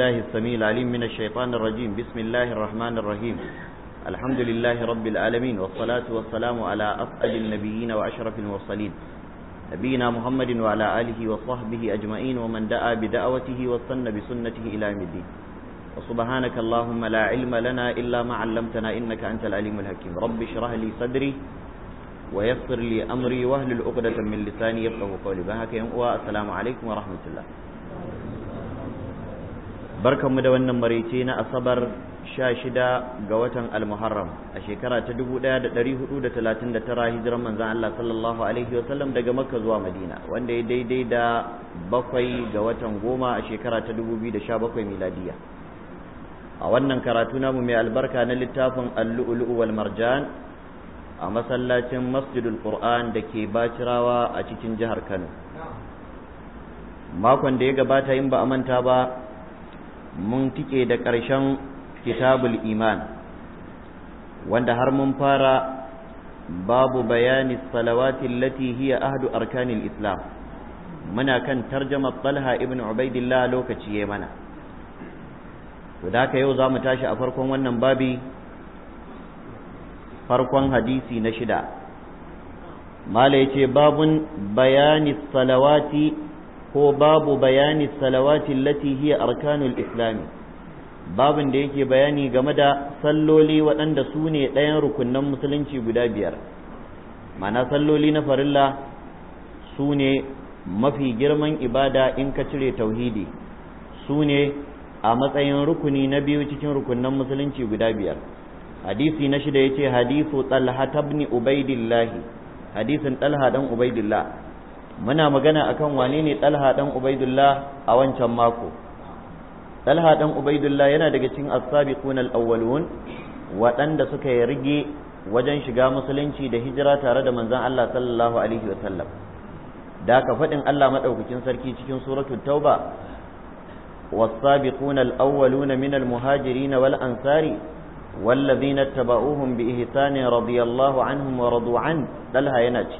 بالله السميع العليم من الشيطان الرجيم بسم الله الرحمن الرحيم الحمد لله رب العالمين والصلاة والسلام على أفقد النبيين وأشرف المرسلين نبينا محمد وعلى آله وصحبه أجمعين ومن دعا بدعوته وصن بسنته إلى يوم الدين وسبحانك اللهم لا علم لنا إلا ما علمتنا إنك أنت العليم الحكيم رب اشرح لي صدري ويسر لي أمري واهل العقدة من لساني يفقه قولي بهاك السلام عليكم ورحمة الله mu da wannan maraice na asabar sha shida ga watan almuharram a shekara ta 1439 hijiran manzan Allah sallallahu alaihi wa sallam daga makka zuwa madina wanda ya daidai da bakwai ga watan goma a shekara ta 2017 miladiya a wannan karatu namu mai albarka na littafin al-lu'lu'u wal marjan a masallacin masjidul qur'an da ke bacirawa a cikin jihar kano makon da ya gabata in ba a manta ba mun tike da ƙarshen kitabul iman wanda har mun fara babu bayani salawatin lati hiya ahdu arkanin islam muna kan tarjama talha ibn ubaidillah lokaci ya mana to da yau za mu tashi a farkon wannan babi farkon hadisi na shida mala ce babun bayani salawati ko babu bayani salawati latihi hiya arkanul islami babin da yake bayani game da salloli waɗanda su ne ɗayan rukunnan musulunci guda biyar mana salloli na farilla su ne mafi girman ibada in ka cire tauhidi su ne a matsayin rukuni na biyu cikin rukunnan musulunci guda biyar hadisi na shida yace hadisu talha tabni ubaidillahi hadisin talha dan ubaidillah muna magana akan wane ne talha dan ubaidullah a wancan mako talha dan ubaidullah yana daga cikin as-sabiqun al-awwalun waɗanda suka yi rige wajen shiga musulunci da hijira tare da manzon Allah sallallahu alaihi wa sallam da ka faɗin Allah madaukakin sarki cikin suratul tauba والسابقون الأولون من المهاجرين والأنصار والذين اتبعوهم بإحسان رضي الله عنهم ورضوا عنه دلها ينجي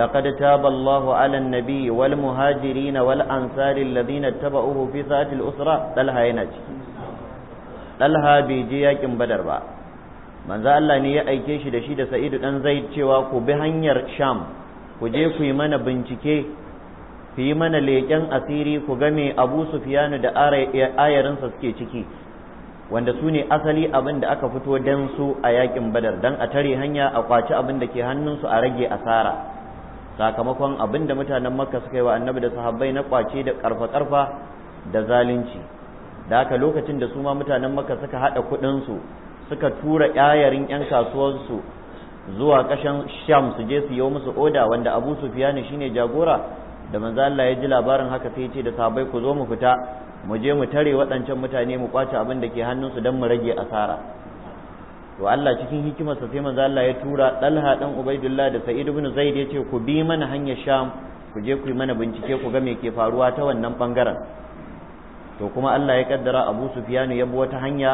لقد تاب الله على النبي والمهاجرين والأنصار الذين اتبعوه في ساعة الأسرة دلها ينج دلها بيجيك بدر با ne ya aike shi da shi da sa'idu دان zai cewa ku bi hanyar Sham ku je ku yi mana bincike ku yi mana leƙen asiri ku ga me Abu Sufyan da ayarinsa suke ciki wanda su ne asali abin da aka fito dan su a yaƙin badar dan a tare hanya a kwaci abin da ke hannunsu a rage asara sakamakon abin da mutanen makka suka yi wa annabi da sahabbai na kwace da karfa-karfa da zalunci da haka lokacin da su ma mutanen makka suka haɗa kuɗinsu suka tura yayarin 'yan kasuwarsu zuwa ƙashin sham su je su yi musu oda wanda abu sufiyani shine jagora da manzo ya ji labarin haka sai ya ce da sahabbai ku zo mu fita mu je mu tare waɗancan mutane mu kwace abin da ke hannunsu don mu rage asara to Allah cikin hikimarsa sai manzo Allah ya tura Dalha dan Ubaidillah da Sa'id ibn Zaid ya ce ku bi mana hanyar Sham ku je ku yi mana bincike ku ga me ke faruwa ta wannan bangaren to kuma Allah ya kaddara Abu Sufyan ya bi wata hanya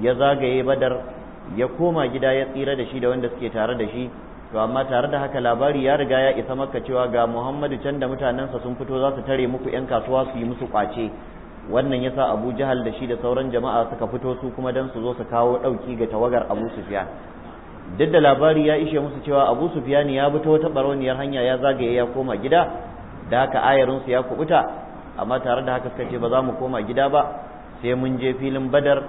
ya zagaye Badar ya koma gida ya tsira da shi da wanda suke tare da shi to amma tare da haka labari ya riga ya isa maka cewa ga Muhammadu can da mutanensa sun fito za su tare muku yan kasuwa su yi musu kwace wannan yasa Abu Jahal da shi da sauran jama'a suka fito su kuma dan su zo su kawo dauki ga tawagar Abu Sufyan duk da labari ya ishe musu cewa Abu Sufyan ya bi ta wata barauniyar hanya ya zagaye ya koma gida da haka ayarin su ya kubuta amma tare da haka suka ce ba za mu koma gida ba sai mun je filin Badar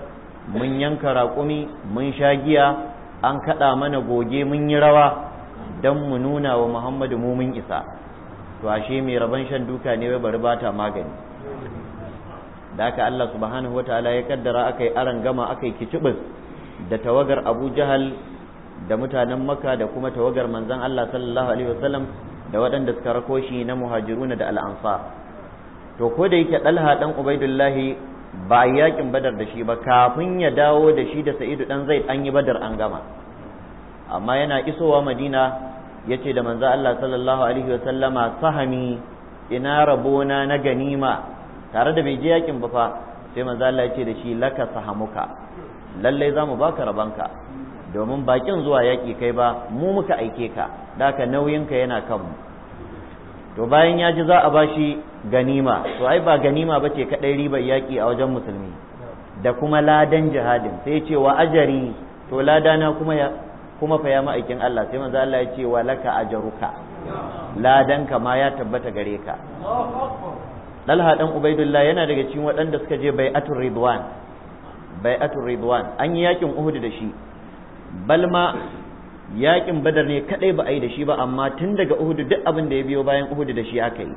mun yanka raƙumi mun sha giya an kaɗa mana goge mun yi rawa dan mu nuna wa Muhammadu mu mun isa to ashe mai rabon shan duka ne bai bari bata magani da aka Allah subhanahu ta'ala ya kaddara aka yi aran gama aka yi kicibin da tawagar Abu Jahal da mutanen Makka da kuma tawagar manzon Allah sallallahu alaihi wasallam da waɗanda suka rako shi na muhajiruna da al'ansar to ko da yake ɗalha ɗan Ubaidullahi ba yakin Badar da shi ba kafin ya dawo da shi da Sa'idu dan Zaid an yi Badar an gama amma yana isowa Madina ya ce da manzon Allah sallallahu alaihi wasallama sahami ina rabona na ganima tare da bai je yakin ba fa sai manzo Allah ya ce da shi laka sahamuka lallai zamu baka rabanka domin bakin zuwa yaki kai ba mu muka aike ka daka nauyinka yana kan mu to bayan ya ji za a bashi ganima to ai ba ganima ba ce kadai ribar yaki a wajen musulmi da kuma ladan jihadin sai ya ce wa ajari to ladana kuma ya kuma fa ya ma'aikin Allah sai manzo Allah ya ce wa laka ajaruka ladanka ma ya tabbata gare ka Dalha ɗan Ubaidullah yana daga cikin waɗanda suka je bai'atul Ridwan bai'atul Ridwan an yi yakin Uhud da shi balma yakin Badar ne kadai ba a yi da shi ba amma tun daga Uhud duk abin da ya biyo bayan Uhud da shi aka yi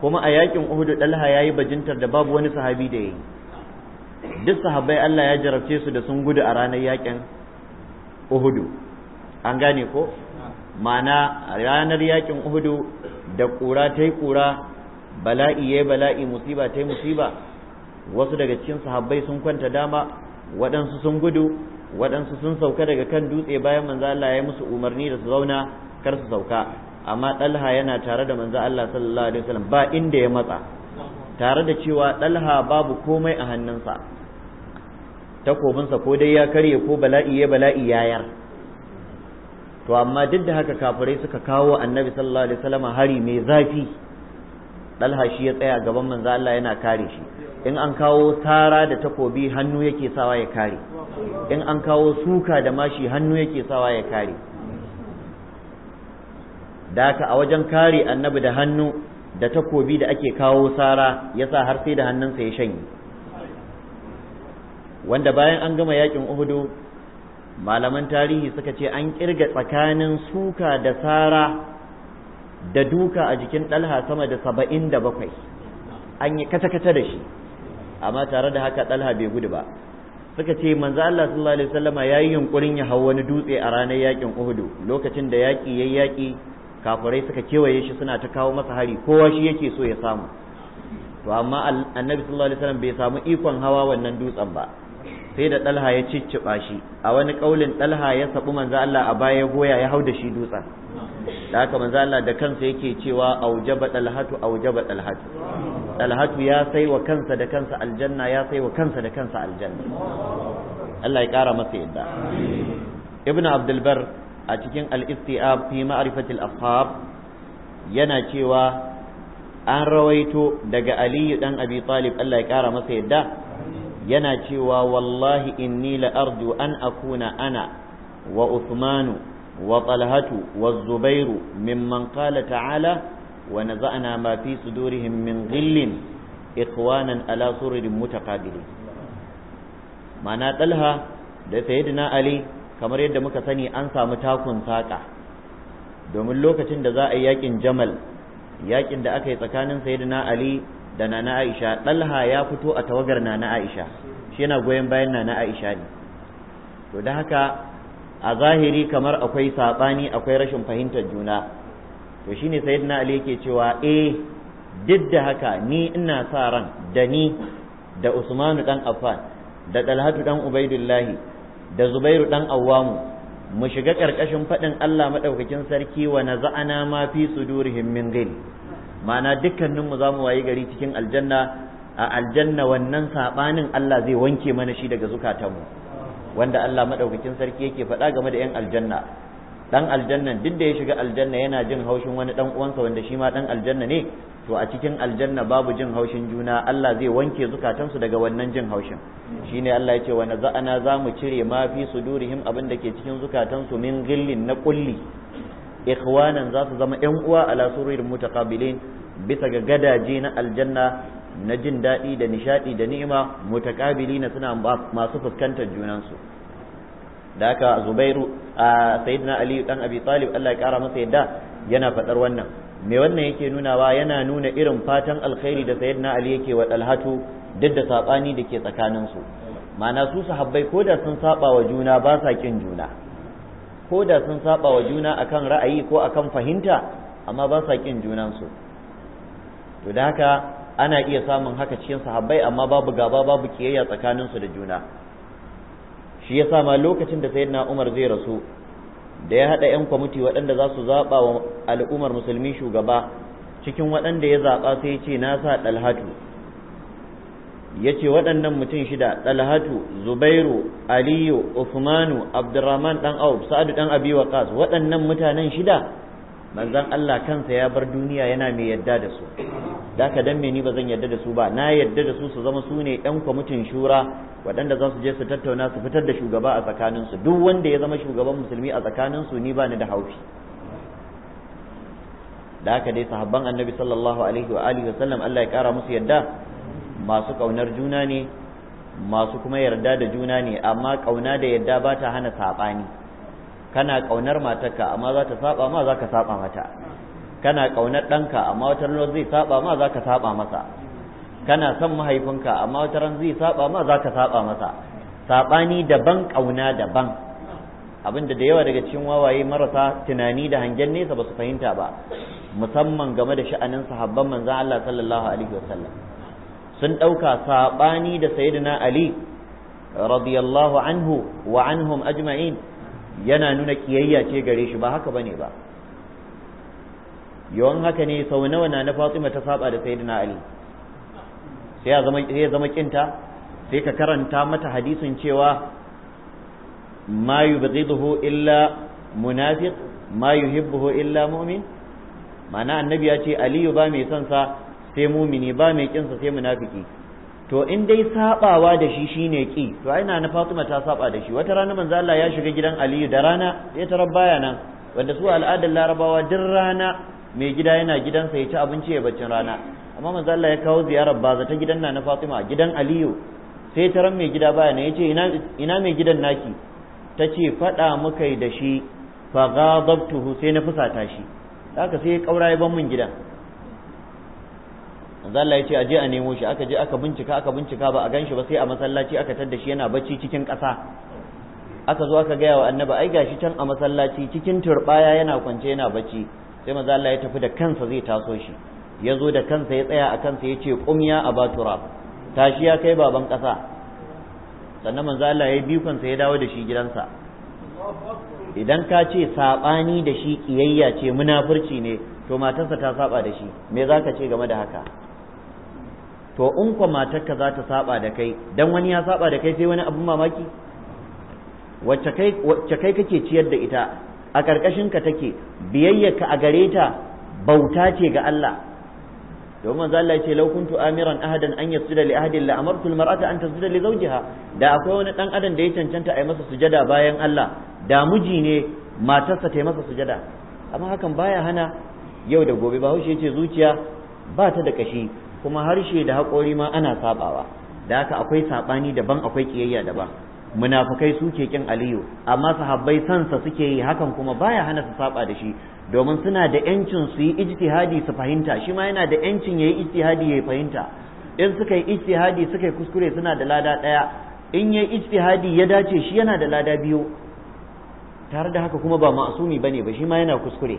kuma a yakin Uhud Dalha yayi bajintar da babu wani sahabi da yayi duk sahabbai Allah ya jarabce su da sun gudu a ranar yakin Uhud an gane ko ma'ana ranar yakin Uhud da ƙura ta yi ƙura bala'i ya bala'i musiba ta musiba wasu daga cikin sahabbai sun kwanta dama waɗansu sun gudu waɗansu sun sauka daga kan dutse bayan manzo Allah ya musu umarni da su zauna kar su sauka amma Dalha yana tare da manzo Allah sallallahu alaihi wasallam ba inda ya matsa tare da cewa Dalha babu komai a hannunsa takobinsa ko dai ya karye ko bala'i ya bala'i yayar to amma duk da haka kafirai suka kawo annabi sallallahu alaihi wasallam hari mai zafi dalha shi ya tsaya gaban manzo Allah yana kare shi in an kawo sara da takobi hannu yake sawa ya kare in an kawo suka da mashi hannu yake sawa ya kare da haka a wajen kare annabi da hannu da takobi da ake kawo sara yasa har sai da hannunsa ya shanye wanda bayan an gama yakin uhudu malaman tarihi suka ce an kirga tsakanin suka da sara da duka a jikin ɗalha sama da saba'in da bakwai an yi kata-kata da shi amma tare da haka ɗalha bai gudu ba suka ce manzo Allah sallallahu alaihi wasallama yayi yunkurin ya hau wani dutse a ranar yakin Uhudu, lokacin da yaki yayi yaki kafirai suka kewaye shi suna ta kawo masa hari kowa shi yake so ya samu to amma annabi sallallahu alaihi wasallam bai samu ikon hawa wannan dutsen ba sai da ɗalha ya cicciba shi a wani kaulin ɗalha ya sabu manzo Allah a baya goya ya hau da shi dutsen da haka manzo Allah da kansa yake cewa aujaba dalhatu aujaba dalhatu dalhatu ya sai wa kansa da kansa aljanna ya sai wa kansa da kansa aljanna Allah ya kara masa yadda ibn abdul bar a cikin al-istiab fi ma'rifati al-ashab yana cewa an rawaito daga aliyu dan abi talib Allah ya kara masa yadda yana cewa wallahi inni la arju an akuna ana wa uthmanu وطلحة والزبير ممن قال تعالى ونزعنا ما في صدورهم من غل إخوانا على سرر متقابلين معنى طلحة da sayyidina Ali kamar yadda muka sani an samu takun saƙa domin lokacin da za a yi yakin Jamal yakin da aka yi tsakanin sayyidina Ali da Nana Aisha Talha ya fito a tawagar Nana Aisha shi yana goyon bayan Nana Aisha ne to da haka a zahiri kamar akwai saɓani akwai rashin fahimtar juna to shine sayyidina ali yake cewa eh duk da haka ni ina sa ran da ni da usmanu dan affan da dalhatu dan ubaidullahi da zubairu dan awwamu mu shiga ƙarƙashin faɗin Allah maɗaukakin sarki wa na za'ana ma fi sudurihim min gil ma'ana dukkaninmu za mu wayi gari cikin aljanna a aljanna wannan saɓanin Allah zai wanke mana shi daga zukatanmu wanda Allah madaukakin sarki yake faɗa game da yan aljanna dan aljannan duk da ya shiga aljanna yana jin haushin wani dan uwansa wanda shi ma dan aljanna ne to a cikin aljanna babu jin haushin juna Allah zai wanke zukatansu daga wannan jin haushin shine Allah ya ce wa naza'ana zamu cire ma fi sudurihim abin da ke cikin zukatansu min gillin na kulli ikhwanan za su zama yan uwa ala sururin mutaqabilin bisa ga gadaje na aljanna na jin daɗi da nishaɗi da ni'ima na suna masu fuskantar junansu da haka Zubairu a Sayyidina Ali dan Abi Talib Allah ya kara masa yadda yana faɗar wannan me wannan yake nunawa yana nuna irin fatan alkhairi da Sayyidina Ali yake wa dalhatu duk da sabani da ke tsakaninsu ma'ana su sahabbai ko da sun saba wa juna ba sa kin juna ko da sun saba wa juna akan ra'ayi ko akan fahimta amma ba sa kin junansu to da haka ana iya samun haka cikin sahabbai amma babu gaba babu kiyayya tsakanin su da juna shi yasa ma lokacin da sayyidina Umar zai rasu da ya haɗa ƴan kwamiti waɗanda za su zaɓa wa al'ummar musulmi shugaba cikin waɗanda ya zaɓa sai ce na sa ɗalhatu ya ce waɗannan mutum shida ɗalhatu zubairu aliyu usmanu abdurrahman dan auf sa'adu dan abi waqas waɗannan mutanen shida manzan Allah kansa ya bar duniya yana mai yadda da su da ka dan ni ba zan yadda da su ba na yadda da su su zama su ne ɗan kwamitin shura waɗanda za su je su tattauna su fitar da shugaba a tsakaninsu duk wanda ya zama shugaban musulmi a tsakaninsu ni ba ni da haushi da haka dai sahabban annabi sallallahu alaihi wa alihi wasallam Allah ya kara musu yadda masu kaunar juna ne masu kuma yarda da juna ne amma kauna da yadda ba ta hana saɓani kana kaunar matarka amma za ta saba ma za ka saba mata kana kaunar ɗanka amma wata ran zai saba ma za ka saba masa kana son mahaifinka amma wata ran zai saba ma za ka saba masa sabani daban kauna daban abinda da yawa daga cikin wawaye marasa tunani da hangen nesa ba su fahimta ba musamman game da sha'anin sahabban manzan Allah sallallahu alaihi wasallam sun ɗauka saɓani da sayyidina Ali radiyallahu anhu wa anhum ajma'in yana nuna kiyayya ce gare shi ba haka bane ba yawan haka ne sau nawa na na Fatima ta saba da Sayyidina Ali sai ya zama sai kinta sai ka karanta mata hadisin cewa ma yubghiduhu illa munafiq ma yuhibbuhu illa mu'min ma'ana annabi ya ce aliyu ba mai son sa sai mumini ba mai kinsa sai munafiki to in dai sabawa da shi shine ki to ai na Fatima ta saba da shi wata rana manzo Allah ya shiga gidan Aliyu da rana ya tarar baya nan wanda su al'adar Larabawa duk rana mai gida yana gidansa ya ci abinci ya baccin rana amma manzo Allah ya kawo ziyarar baza ta gidan na Fatima gidan Aliyu sai ta ran mai gida baya nan yace ina ina mai gidan naki tace fada muka da shi fa ghadabtuhu sai na fusata shi haka sai ya kaura ya ban mun gidan manzo Allah ya ce aje a nemo shi aka je aka bincika aka bincika ba a gan shi ba sai a masallaci aka tadda shi yana bacci cikin ƙasa aka zo aka gaya wa annabi ai gashi can a masallaci cikin turbaya yana kwance yana bacci sai manzo Allah ya tafi da kansa zai taso shi ya zo da kansa ya tsaya a kansa ya ce kumya a batura tashi ya kai baban ƙasa sannan manzo Allah ya bi kansa ya dawo da shi gidansa idan ka ce saɓani da shi kiyayya ce munafurci ne to matarsa ta saba da shi me zaka ce game da haka to in kwa matarka za ta saba da kai dan wani ya saba da kai sai wani abun mamaki wacce kai kake ciyar da ita a karkashin ka take biyayyarka a gare ta bauta ce ga Allah domin manzo Allah ce kuntu amiran ahadan an yasjuda li ahadin la amartu al mar'ata an tasjuda li zawjiha da akwai wani dan adam da ya cancanta a yi masa sujada bayan Allah da muji ne matarsa ta yi masa sujada amma hakan baya hana yau da gobe ba haushe ce zuciya ba ta da kashi kuma harshe da haƙori ma ana sabawa da haka akwai saɓani daban akwai ƙiyayya daban munafukai su ke kin aliyu amma sahabbai sansa suke yi hakan kuma baya hana su saba da shi domin suna da yancin su yi ijtihadi su fahimta shi ma yana da yancin yayi ijtihadi ya fahimta in suka yi ijtihadi suka yi kuskure suna da lada ɗaya, in yayi ijtihadi ya dace shi yana da lada biyu tare da haka kuma ba ma'asumi bane ba shi ma yana kuskure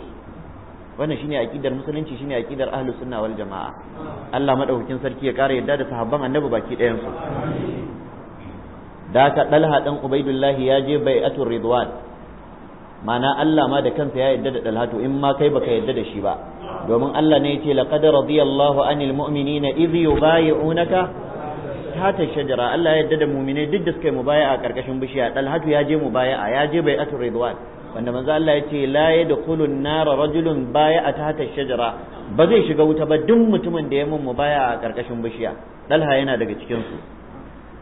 wannan shine aqidar musulunci shine aqidar ahlus sunna wal jamaa Allah madaukakin sarki ya kara yadda da sahabban annabi baki ɗayan su da ka dalha dan ubaidullah ya je bai'atul ridwan mana Allah ma da kansa ya yadda da dalha in ma kai baka yadda da shi ba domin Allah ne yace laqad radiyallahu anil mu'minina idh yubayi'unaka hata shajara Allah ya yadda da mu'mine duk da suka yi mubaya'a karkashin bishiya dalhatu ya je mubaya'a ya je bai'atul ridwan wanda manzo Allah ya ce la an nar rajulun baya a tahta shajara ba zai shiga wuta ba duk mutumin da ya mun baya a karkashin bishiya dalha yana daga cikin su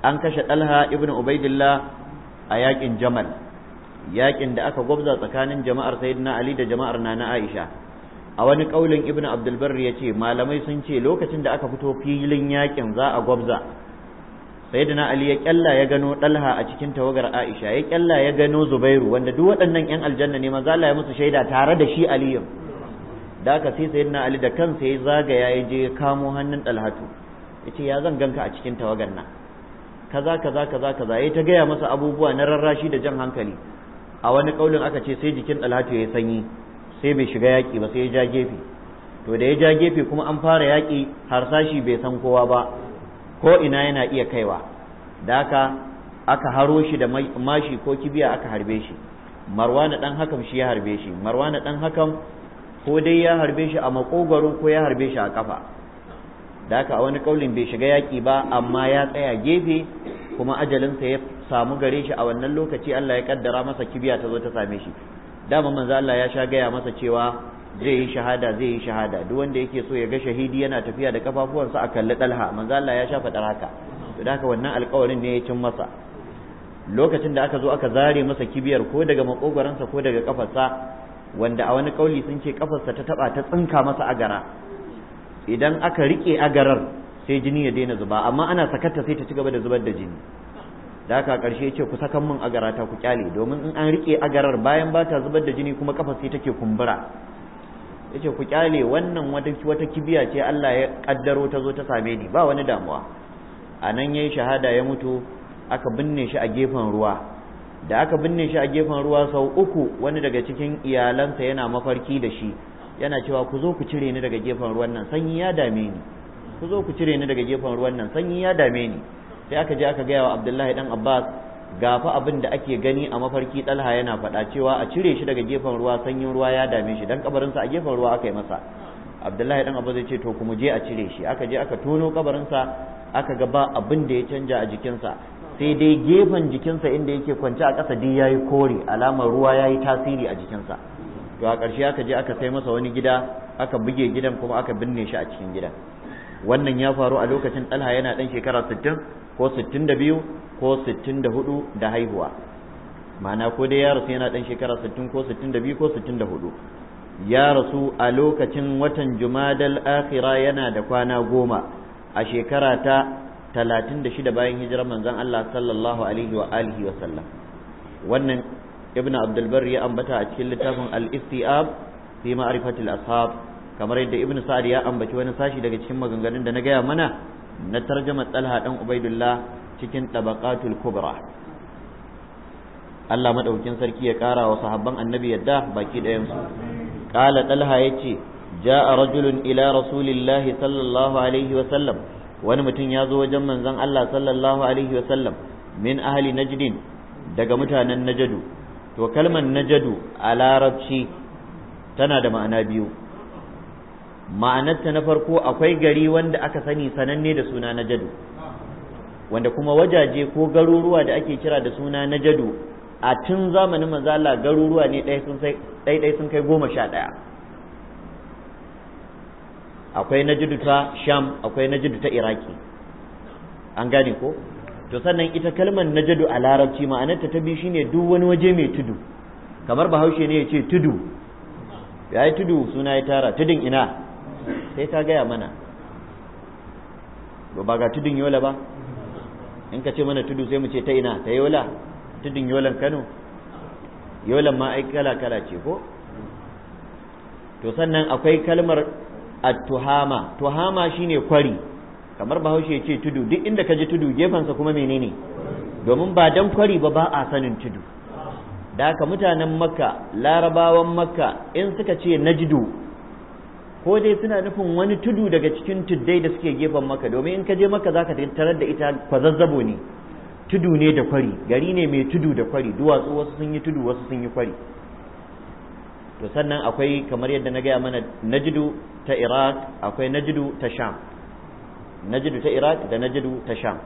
an kashe dalha ibnu ubaidillah a yakin jamal yakin da aka gwabza tsakanin jama'ar sayyidina ali da jama'ar nana aisha a wani kaulin ibnu abdul barri ya malamai sun ce lokacin da aka fito filin yakin za a gwabza sayyidina ali ya kyalla ya gano dalha a cikin tawagar aisha ya kyalla ya gano zubairu wanda duk waɗannan yan aljanna ne manzo Allah ya musu shaida tare da shi aliyu da aka sai sayyidina ali da kansa ya zagaya ya je ya kamo hannun dalhatu yace ya zan ganka a cikin tawagar nan kaza kaza kaza kaza yayi ta gaya masa abubuwa na rarrashi da jan hankali a wani kaulin aka ce sai jikin dalhatu ya sanyi sai bai shiga yaki ba sai ya ja gefe to da ya ja gefe kuma an fara yaki harsashi bai san kowa ba ko ina yana iya kaiwa da haka aka haro shi da mashi ko kibiya aka harbe shi marwana dan hakam shi ya harbe shi marwana dan hakam ko dai ya harbe shi a makogwaro ko ya harbe shi a kafa da haka a wani kaulin bai shiga yaki ba amma ya tsaya gefe kuma ajalinsa ya samu gare shi a wannan lokaci Allah ya kaddara masa kibiya ta zo ta same shi dama manzo Allah ya sha gaya masa cewa zai yi shahada zai yi shahada duk wanda yake so ya ga shahidi yana tafiya da kafafuwansa a kalli dalha manzo Allah ya shafa dar haka to da haka wannan alƙawarin ne ya cin masa lokacin da aka zo aka zare masa kibiyar ko daga makogoransa ko daga kafarsa wanda a wani kauli sun ce kafarsa ta taba ta tsinka masa agara idan aka rike agarar sai jini ya daina zuba amma ana sakata sai ta ci gaba da zubar da jini da haka karshe ya ce ku sakan mun agara ta ku kyale domin in an rike agarar bayan ba ta zubar da jini kuma kafa sai take kumbura yace ku kyale wannan wata wata kibiya ce Allah ya kaddaro ta zo ta same ni ba wani damuwa anan nan yayi shahada ya mutu aka binne shi a gefen ruwa da aka binne shi a gefen ruwa sau uku wani daga cikin iyalansa yana mafarki da shi yana cewa ku zo ku cire ni daga gefen ruwan nan sanyi ya dame ni ku zo ku cire ni daga gefen ruwan nan sanyi ya dame ni sai aka je aka gaya wa Abdullahi dan Abbas gafa abin da ake gani a mafarki ɗalha yana faɗa cewa a cire shi daga gefen ruwa sanyin ruwa ya dame shi dan kabarinsa a gefen ruwa aka yi masa abdullahi dan abu zai ce to kuma je a cire shi aka je aka tono kabarinsa aka ga ba abin da ya canja a jikinsa sai dai gefen jikinsa inda yake kwance a kasa dai yayi kore alamar ruwa yayi tasiri a jikinsa to a ƙarshe aka je aka sai masa wani gida aka buge gidan kuma aka binne shi a cikin gidan wannan ya faru a lokacin ɗalha yana dan shekara sittin ko 62 ko 64 da haihuwa ma'ana ko dai ya rasu yana dan shekara 60 ko 62 ko 64 ya rasu a lokacin watan jumadal akhira yana da kwana goma a shekara ta 36 bayan hijirar manzon Allah sallallahu alaihi wa alihi wa sallam wannan ibn abdul bar ya ambata a cikin littafin al-istiab fi ma'rifatil ashab kamar yadda ibn sa'ad ya ambaci wani sashi daga cikin maganganun da na gaya mana na tarjama talha ɗan ubaidullah cikin tabaqatul kubra Allah madaukin sarki ya ƙara wa sahabban annabi yadda baki dayan su qala talha yace jaa rajulun ila rasulillah sallallahu alaihi wa sallam wani mutum ya zo wajen manzon Allah sallallahu alaihi wa sallam min ahli najdin daga mutanen najadu to kalmar najadu a larabci tana da ma'ana biyu ma'anarta na farko akwai gari wanda aka sani sananne da suna na jadu wanda kuma wajaje ko garuruwa da ake kira da suna na jadu a tun zamanin mazala garuruwa ne ɗaiɗai sun kai goma sha ɗaya akwai na jadu ta sham akwai na jadu ta iraki an gane ko to sannan ita kalmar na jadu a larabci ma'anarta ta biyu shine duk wani waje mai tudu kamar bahaushe ne ya ce tudu ya yi tudu suna ya tara tudun ina sai ka gaya mana ba ga tudun yola ba in ka ce mana tudu sai mu ce ta ina ta yola tudun yolan kano yolan ma ai kala kala ce ko to sannan akwai kalmar at-tuhama tuhama shine kwari kamar bahaushe ce tudu duk inda ka ji tudu gefensa kuma menene domin ba dan kwari ba ba a sanin tudu da haka mutanen makka larabawan makka in suka ce najdu ko dai suna nufin wani tudu daga cikin tuddai da suke gefen maka domin in ka je maka zaka tarar da ita kwazazzabo ne tudu ne da kwari gari ne mai tudu da kwari duwatsu wasu sun yi tudu wasu sun yi kwari to sannan akwai kamar yadda na gaya mana Najidu ta iraq akwai najidu ta sham najidu ta iraq da Najidu ta sham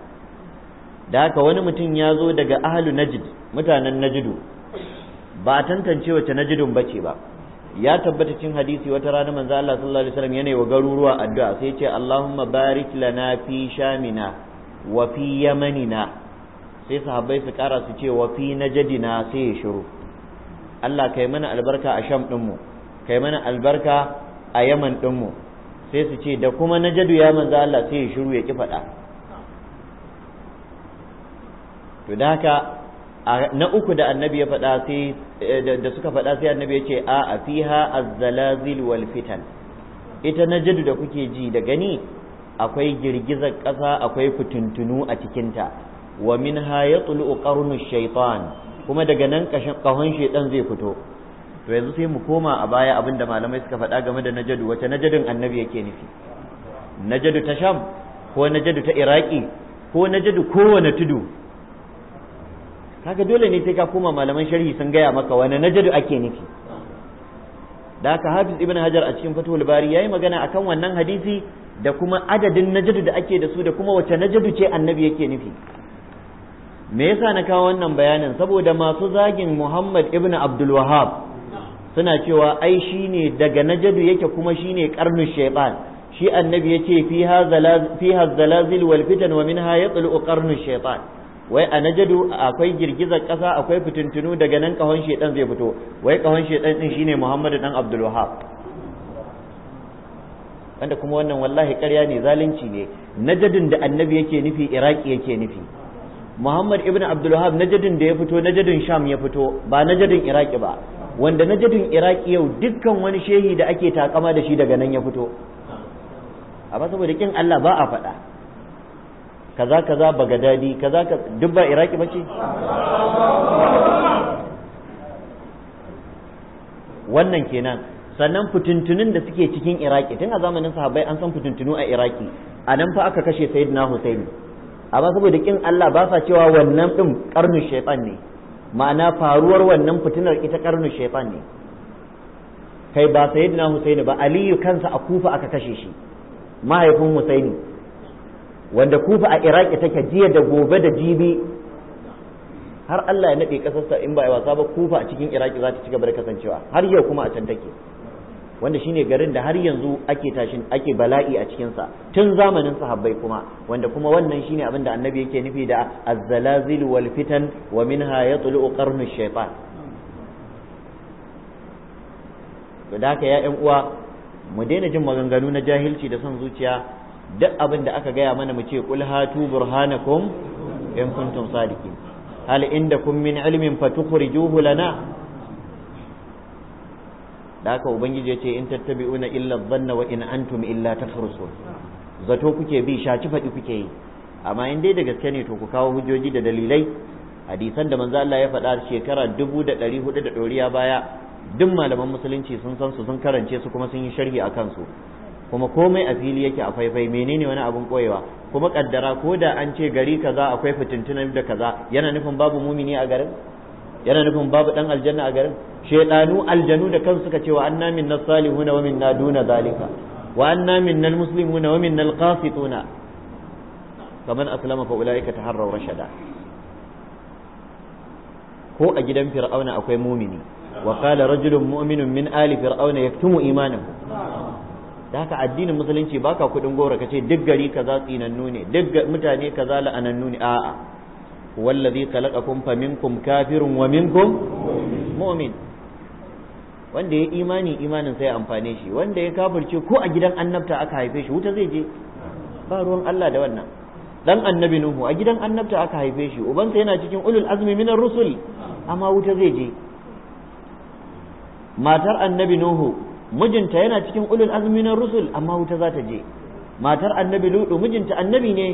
da haka wani mutum ya zo daga ahlu Najid mutanen Najidu. ba a tantance wace najdun bace ba ya tabbata cin hadisi wata rana manzo Allah sallallahu alaihi wasallam yana wa garuruwa addu'a sai ya ce Allahumma barik lana fi shamina wa fi yamanina sai sahabbai su kara su ce wa fi najdina sai ya shiru Allah kai mana albarka a sham din kai mana albarka a yaman din mu sai su ce da kuma najdu ya manzo Allah sai ya shiru ya ki faɗa to da haka na uku da annabi ya faɗa sai eh, da suka faɗa sai annabi ya ce a a fiha azzalazil wal fitan ita na jadu da kuke ji da gani akwai girgizar ƙasa akwai kutuntunu a cikinta wa minha yatlu qarnu shaytan kuma daga nan kahon shaytan zai fito to yanzu sai mu koma a baya abinda malamai suka faɗa game da najadu wace najadin annabi yake nufi najadu ta sham ko najadu ta iraki ko najadu kowane tudu kaga dole ne sai ka koma malaman sharhi sun gaya maka wani najadu ake nufi da haka hafiz ibn hajar a cikin fatul bari yayi magana akan wannan hadisi da kuma adadin najadu da ake da su da kuma wace najadu ce annabi yake nufi me yasa na kawo wannan bayanin saboda masu zagin muhammad ibn abdul wahab suna cewa ai shine daga najadu yake kuma shine karnu shaytan shi annabi yace fiha fi zalazil wal fitan wa minha yatlu qarnu shaytan wai a najadu akwai girgizar ƙasa akwai fitintunu daga nan kahon shedan zai fito wai kahon shedan din shine muhammadu dan abdul wahab wanda kuma wannan wallahi ƙarya ne zalunci ne najadin da annabi yake nufi iraki yake nufi muhammad ibn abdul wahab najadin da ya fito najadin sham ya fito ba najadin iraki ba wanda najadin iraki yau dukkan wani shehi da ake takama da shi daga nan ya fito amma saboda kin allah ba a faɗa kaza kaza bagadadi kaza duk ba iraki bace wannan kenan sannan fitintunin da suke cikin iraki tun a zamanin sahabbai an san fitintunu a iraki a nan fa aka kashe sayyidina husaini amma saboda kin Allah ba sa cewa wannan din karnu shaytan ne ma'ana faruwar wannan fitinar ita karnu shaytan ne kai ba sayyidina husaini ba aliyu kansa a kufa aka kashe shi mahaifin husaini wanda kufa a iraki take jiya da gobe da jibi har Allah ya nade kasarsa in ba a wasa ba kufa a cikin iraki za ta ci gaba da kasancewa har yau kuma a can take wanda shine garin da har yanzu ake tashin ake bala'i a cikinsa tun zamanin sahabbai kuma wanda kuma wannan shine abin da annabi yake nufi da azzalazil wal fitan wa minha yatlu qarnu shaytan to da haka ya yan uwa mu daina jin maganganu na jahilci da son zuciya duk abin da aka gaya mana mu ce qul hatu burhanakum in kuntum sadiqin hal kun min ilmin fatukhrijuhu lana da ka ubangiji ya ce in tattabi'una illa dhanna wa in antum illa takhrusun zato kuke bi shaci faɗi kuke yi amma in dai da gaske ne to ku kawo hujjoji da dalilai hadisan da manzo Allah ya faɗa shekara dubu da doriya da baya duk malaman musulunci sun san su sun karance su kuma sun yi sharhi a kansu kuma komai a fili yake a faifai menene wani abun koyewa kuma kaddara ko da an ce gari kaza akwai fitintunan da kaza yana nufin babu mumini a garin yana nufin babu dan aljanna a garin shedanu aljanu da kansu suka ce wa anna minna salihuna wa minna duna zalika wa anna minna almuslimuna wa minna alqasituna kaman aslama fa ulaika taharraw rashada ko a gidan fir'auna akwai mumini wa qala rajulun mu'minun min ali fir'auna yaktumu imanahu da haka addinin musulunci baka kuɗin goro kace duk gari kaza tsinannu ne duk mutane kaza la'anannu ne a'a wallazi khalaqakum faminkum kafirun wa minkum mu'min wanda ya imani imanin sai amfane shi wanda ya kafirce ko a gidan annabta aka haife shi wuta zai je ba ruwan Allah da wannan dan annabi nuhu a gidan annabta aka haife shi ubansa yana cikin ulul azmi minar rusul amma wuta zai je matar annabi nuhu mijinta yana cikin ulul azmi na rusul amma wuta za ta je matar annabi ludu mijinta annabi ne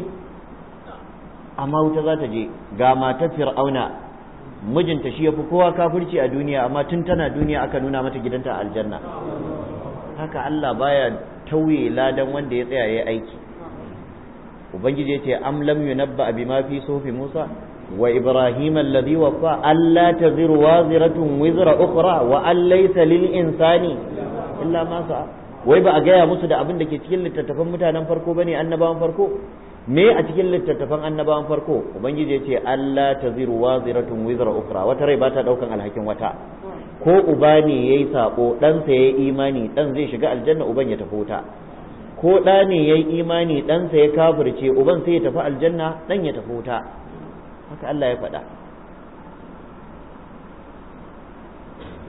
amma wuta za ta je ga matar fir'auna mijinta shi yafi kowa kafirci a duniya amma tun tana duniya aka nuna mata gidanta aljanna haka Allah baya tauye ladan wanda ya tsaya yayi aiki ubangiji ya ce am lam yunabba bima fi sufi musa wa ibrahim alladhi wafa alla taziru waziratun wizra ukhra wa an laysa lil insani wai ba a gaya musu da abin da ke cikin littattafan mutanen farko bane annabawan farko me a cikin littattafan annabawan farko ubangiji ya ce alla taziru waziratun wizra ukhra wata rai ba ta daukan alhakin wata ko uba ne yayi sako ɗansa yayi imani ɗan zai shiga aljanna uban ya tafi ko ɗa ne yayi imani ɗansa ya kafirce uban sai ya tafi aljanna ɗan ya tafi haka Allah ya faɗa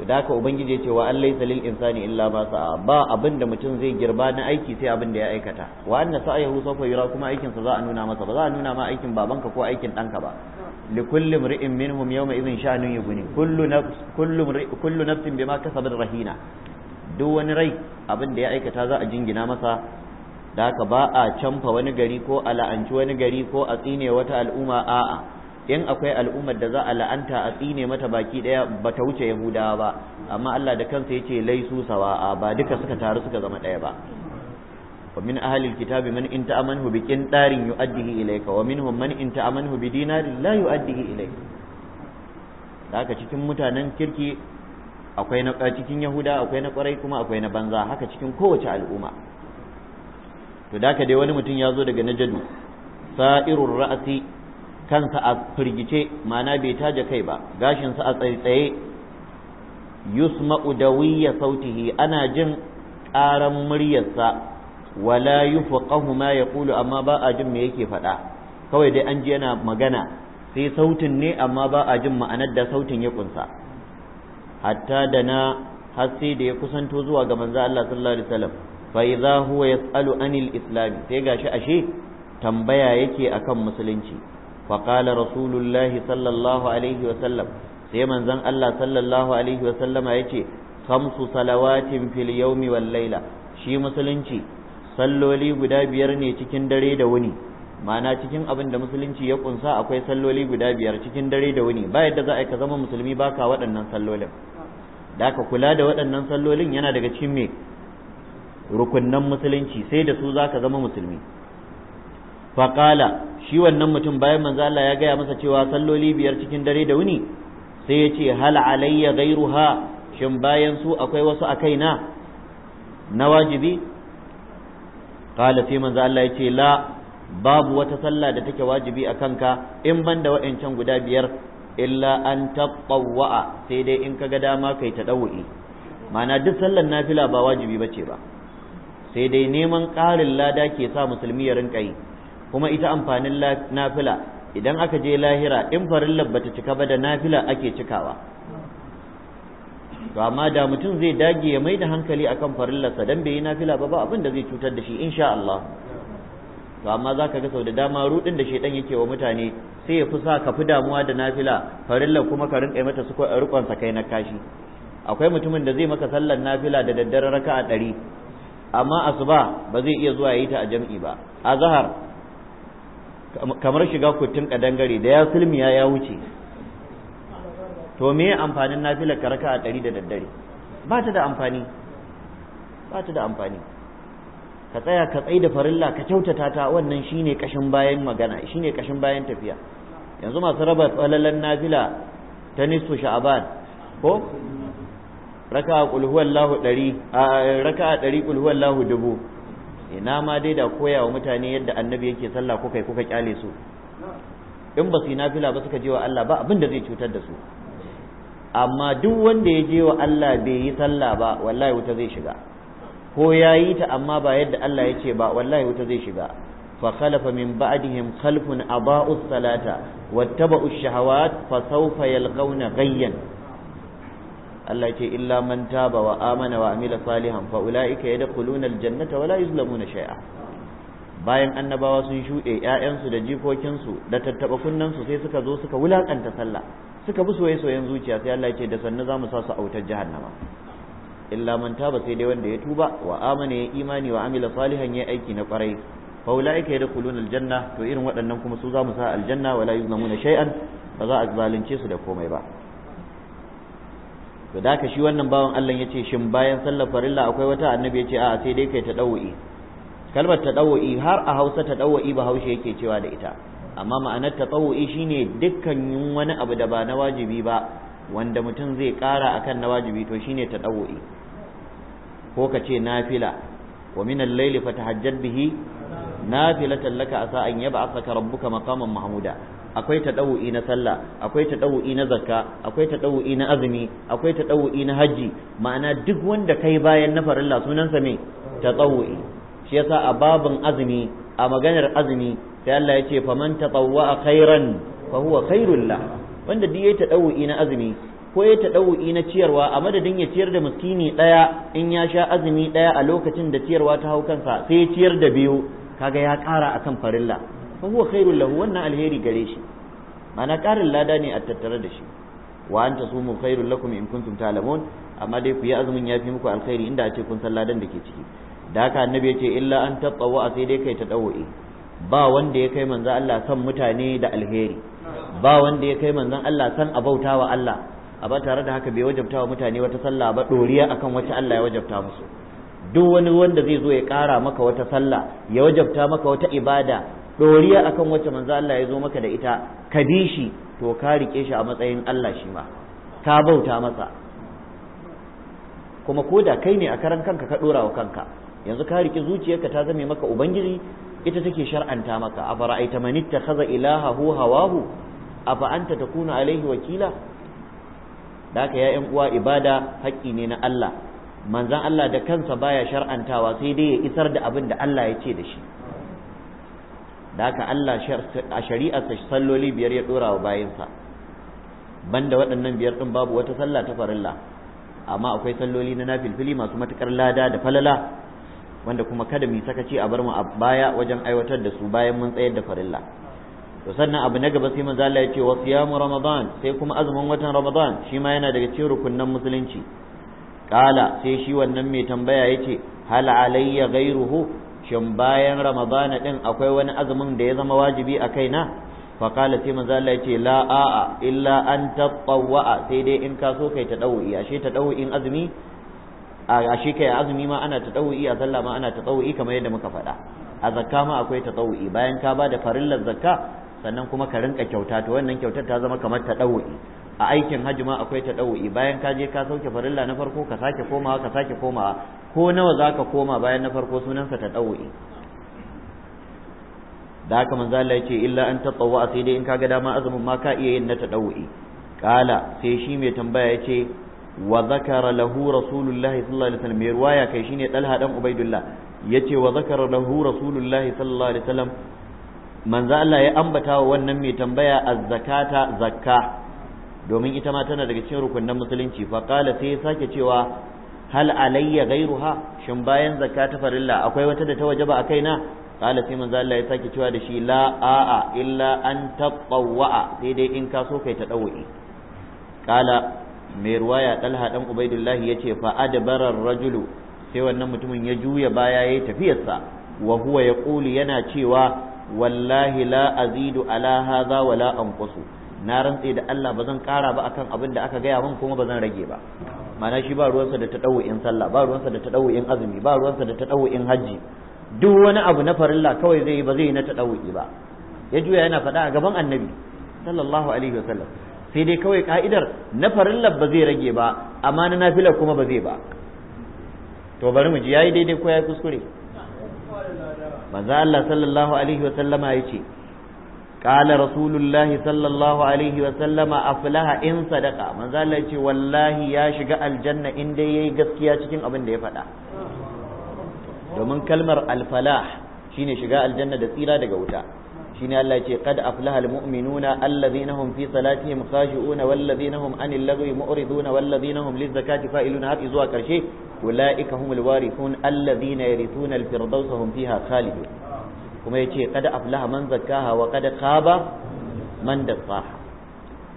da haka ubangiji ya ce wa allai salil insani illa ba sa'a ba abin da mutum zai girba na aiki sai abin da ya aikata wa anna sa'ayahu sawfa yura kuma aikin za a nuna masa ba za a nuna ma aikin babanka ko aikin ɗanka ba li kulli imri'in minhum yawma idhin sha'nun yughni kullu nafs kullu kullu nafsin bima kasabat rahina duk wani rai abin da ya aikata za a jingina masa da haka ba a canfa wani gari ko a la'anci wani gari ko a tsine wata al'umma a'a in akwai al'ummar da za a la'anta a tsine mata baki daya ba ta wuce yahudawa ba amma Allah da kansa yace laisu sawa'a ba duka suka taru suka zama daya ba wa min ahli alkitabi man in ta'amanu bi qintarin yu'addihi ilayka wa minhum man in ta'amanu bi dinarin la yu'addihi ilayka haka cikin mutanen kirki akwai na cikin yahuda akwai na kwarai kuma akwai na banza haka cikin kowace al'umma to da dai wani mutum ya zo daga najadu sa'irur ra'asi kansa a firgice ma'ana bai taje kai ba gashinsa a tsaitsaye yusma'u dawiya sautihi ana jin ƙaran muryarsa wala yufqahu ma yaqulu amma ba a jin me yake faɗa kawai dai an ji yana magana sai sautin ne amma ba a jin ma'anar da sautin ya kunsa hatta da na har sai da ya kusanto zuwa ga manzo Allah sallallahu alaihi wasallam fa idza huwa yasalu anil islam sai gashi ashe tambaya yake akan musulunci فقال رسول الله صلى الله عليه وسلم سيما زن الله صلى الله عليه وسلم يتي خمس صلوات في اليوم والليلة شي مسلنشي salloli guda biyar ne cikin dare da wuni ma'ana cikin abin da musulunci ya ƙunsa, akwai salloli guda biyar cikin dare da wuni ba yadda za a ka zama musulmi baka waɗannan sallolin da ka kula da waɗannan sallolin yana daga cikin me rukunnan musulunci sai da su za ka zama musulmi faƙala shi wannan mutum bayan manzo Allah ya gaya masa cewa salloli biyar cikin dare da wuni sai ya ce hal alayya ghairuha shin bayan su akwai wasu a kaina na wajibi qala sai manzo Allah ya ce la babu wata sallah da take wajibi a ka in ban da wa'ancan guda biyar illa an taqawwa sai dai in kaga dama kai ta dawo'i ma'ana duk sallar nafila ba wajibi bace ba sai dai neman ƙarin lada ke sa musulmi ya rinka yi kuma ita amfanin nafila idan aka je lahira in farillar bata cika ba da nafila ake cikawa to amma da mutum zai dage ya mai da hankali akan farillarsa dan bai yi nafila ba ba abin da zai cutar da shi insha Allah to amma zaka ga sau da dama rudin da shedan yake wa mutane sai ya fi sa ka fi damuwa da nafila farillar kuma ka rinka mata su rukon sa kai na kashi akwai mutumin da zai maka sallar nafila da daddare raka a ɗari amma asuba ba zai iya zuwa yi ta a jam'i ba azhar kamar shiga kuttun kadangare da ya sulmiya ya wuce to me amfanin nafilar karaka a ɗari da daddare ba ta da amfani ba ta da amfani ka tsaya ka tsaye da farilla ka kyautata ta wannan shine kashin bayan magana shine kashin bayan tafiya yanzu masu raba falalan nafila ta nisu sha'aban ko raka'a qul huwallahu 100 raka'a dari qul dubu ina ma dai da koya wa mutane yadda annabi yake sallah kuka yi kuka kyale su in ba su yi nafila ba suka je wa Allah ba abin da zai cutar da su amma duk wanda ya je wa Allah bai yi sallah ba wallahi wuta zai shiga ko ya yi ta amma ba yadda Allah ya ce ba wallahi wuta zai shiga fa khalafa min ba'dihim khalfun aba'us salata wattaba'u shahawat fa sawfa yalqawna ghayyan Allah ce illa man taba wa amana wa amila salihan fa ulaika yadkhuluna aljannata wa la yuzlamuna shay'a bayan annabawa sun shuɗe ya'yansu da jikokinsu da tattaba su sai suka zo suka wulakanta sallah suka bi soye soyen zuciya sai Allah ce da sannu zamu sa su autar jahannama illa man taba sai dai wanda ya tuba wa amana ya imani wa amila salihan ya aiki na kwarai fa ulaika yadkhuluna aljanna to irin waɗannan kuma su zamu sa aljanna wa la yuzlamuna shay'an ba za a zalunce su da komai ba to da shi wannan bawan Allah ya ce shin bayan sallar farilla akwai wata annabi ya ce a'a sai dai kai ta dawo'i kalmar ta dawo'i har a hausa ta ba bahaushe yake cewa da ita amma ma'anar ta dawo'i shine dukkan wani abu da ba na wajibi ba wanda mutum zai kara akan na wajibi to shine ta dawo'i. ko ka ce nafila wa min al-layli fatahajjad bihi nafilatan laka asa an yab'athaka rabbuka maqaman mahmuda akwai taɗau'i na sallah akwai tadawu'i na zakka akwai tadawu'i na azumi akwai tadawu'i na hajji ma'ana duk wanda kai bayan na farilla sunansa ta tatawu'i shi yasa a babin azumi a maganar azumi sai Allah ya ce faman a khairan fa huwa khairul la wanda duk yayi tadawu'i na azumi ko ya taɗau'i na ciyarwa a madadin ya ciyar da miskini ɗaya in ya sha azumi ɗaya a lokacin da ciyarwa ta hau kansa sai ya ciyar da biyu kaga ya ƙara akan farilla fa huwa khairul lahu wannan alheri gare shi mana karin lada ne a tattare da shi wa anta sumu khairul lakum in kuntum ta'lamun amma dai ku yi azumin ya fi muku alkhairi inda a ce kun san ladan da ke ciki da haka annabi ya ce illa an a sai dai kai ta dawo'i ba wanda ya kai manzan Allah san mutane da alheri ba wanda ya kai manzan Allah san abautawa Allah a ba tare da haka bai wajabta wa mutane wata sallah ba doriya akan wacce Allah ya wajabta musu duk wani wanda zai zo ya ƙara maka wata sallah ya wajabta maka wata ibada doriya akan wacce manzo Allah ya zo maka da ita ka bi shi to ka rike shi a matsayin Allah shi ma ka bauta masa kuma ko da kai ne a karan kanka ka dora wa kanka yanzu ka rike zuciyarka ta zame maka ubangiji ita take shar'anta maka a fara'aita man ilaha ilahahu hawahu afa anta kuna alaihi wakila da haka ya uwa ibada haƙƙi ne na Allah manzan Allah da kansa baya shar'antawa sai dai ya isar da abin da Allah ya ce da shi da haka Allah a shari'arsa salloli biyar ya dora wa bayansa banda waɗannan biyar ɗin babu wata sallah ta farilla amma akwai salloli na nafilfili masu matukar lada da falala wanda kuma kada mu sakaci a bar mu a baya wajen aiwatar da su bayan mun tsayar da farilla to sannan abu na gaba sai manzo Allah ya ce wa siyamu ramadan sai kuma azumin watan ramadan shi ma yana daga cikin rukunnan musulunci kala sai shi wannan mai tambaya yace hal alayya ghayruhu shin bayan ramadana din akwai wani azumin da ya zama wajibi a kaina fa qala sai manzo Allah yace la a'a illa an tatawwa sai dai in ka so kai ɗau'i ashe ta ɗau'in azumi ashe kai azumi ma ana ta ɗau'i a sallah ma ana ta ɗau'i kamar yadda muka faɗa a zakka ma akwai ta ɗau'i bayan ka bada farillar zakka sannan kuma ka rinka kyauta to wannan kyautar ta zama kamar ɗau'i a aikin hajji ma akwai ta ɗau'i bayan ka je ka sauke farilla na farko ka sake komawa ka sake komawa ko nawa za ka koma bayan na farko sunansa ta ɗau'i da haka manzo Allah ya ce illa an tatawwa sai dai in kaga dama azumin ma ka iya yin na ta ɗau'i kala sai shi mai tambaya ya ce wa zakara lahu rasulullahi sallallahu alaihi wasallam mai ruwaya kai shine dalha dan ubaidullah yace wa zakara lahu rasulullahi sallallahu alaihi wasallam manzo Allah ya ambata wa wannan mai tambaya az-zakata zakka domin ita ma tana daga cikin rukunnan musulunci fa qala sai ya sake cewa hal alayya ghairuha shin bayan zakka ta farilla akwai wata da ta wajaba a kaina qala sai manzo Allah ya sake cewa da shi la a'a illa an tatawwa sai dai in ka so kai ta dawo'i qala mai ruwaya dalha dan ubaidullahi yace fa adbara rajulu sai wannan mutumin ya juya baya yayi tafiyarsa wa huwa yaqulu yana cewa wallahi la azidu ala hadha wala anqusu na rantse da Allah ba zan kara ba akan abin da aka gaya min kuma bazan rage ba Mana shi ba ruwansa da taɗawu'in sallah ba ruwansa da taɗawu'in azumi ba ruwansa da taɗawu'in hajji duk wani abu na farilla kawai zai yi ba zai yi na taɗawu'i ba ya juya yana faɗa a gaban annabi sallallahu alaihi wasallam sai dai kawai ka'idar na farillar ba zai rage ba amma na nafilar kuma ba zai ba to bari mu ji yayi daidai ko yayi kuskure manzo Allah sallallahu alaihi wasallama ya ce qala rasulullahi sallallahu alaihi wa sallama aflaha in sadaqa manzo Allah ce wallahi ya shiga aljanna in dai yayi gaskiya cikin abin da ya faɗa domin kalmar alfalah shine shiga aljanna da tsira daga wuta shine Allah ce qad aflaha almu'minuna alladhina hum fi salatihim khashi'una walladhina hum anil lagwi mu'riduna walladhina hum lizakati fa'iluna har zuwa karshe ulaika humul warithun alladhina yarithuna alfirdausa hum fiha khalidun kuma ya ce kada aflaha man zakkaha wa kada khaba man dassaha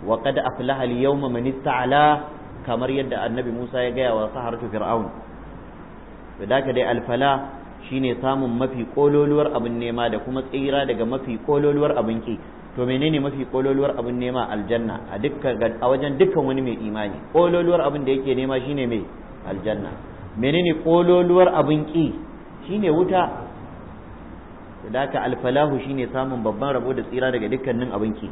wa kada aflaha al man kamar yadda annabi Musa ya gaya wa sahar ta fir'aun da dai alfala shine samun mafi kololuwar abin nema da kuma tsira daga mafi kololuwar abin ki to menene mafi kololuwar abin nema aljanna a dukkan a wajen dukkan wani mai imani kololuwar abin da yake nema shine mai aljanna menene kololuwar abin ki shine wuta da haka alfalahu shine samun babban rabo da tsira daga dukkanin abinki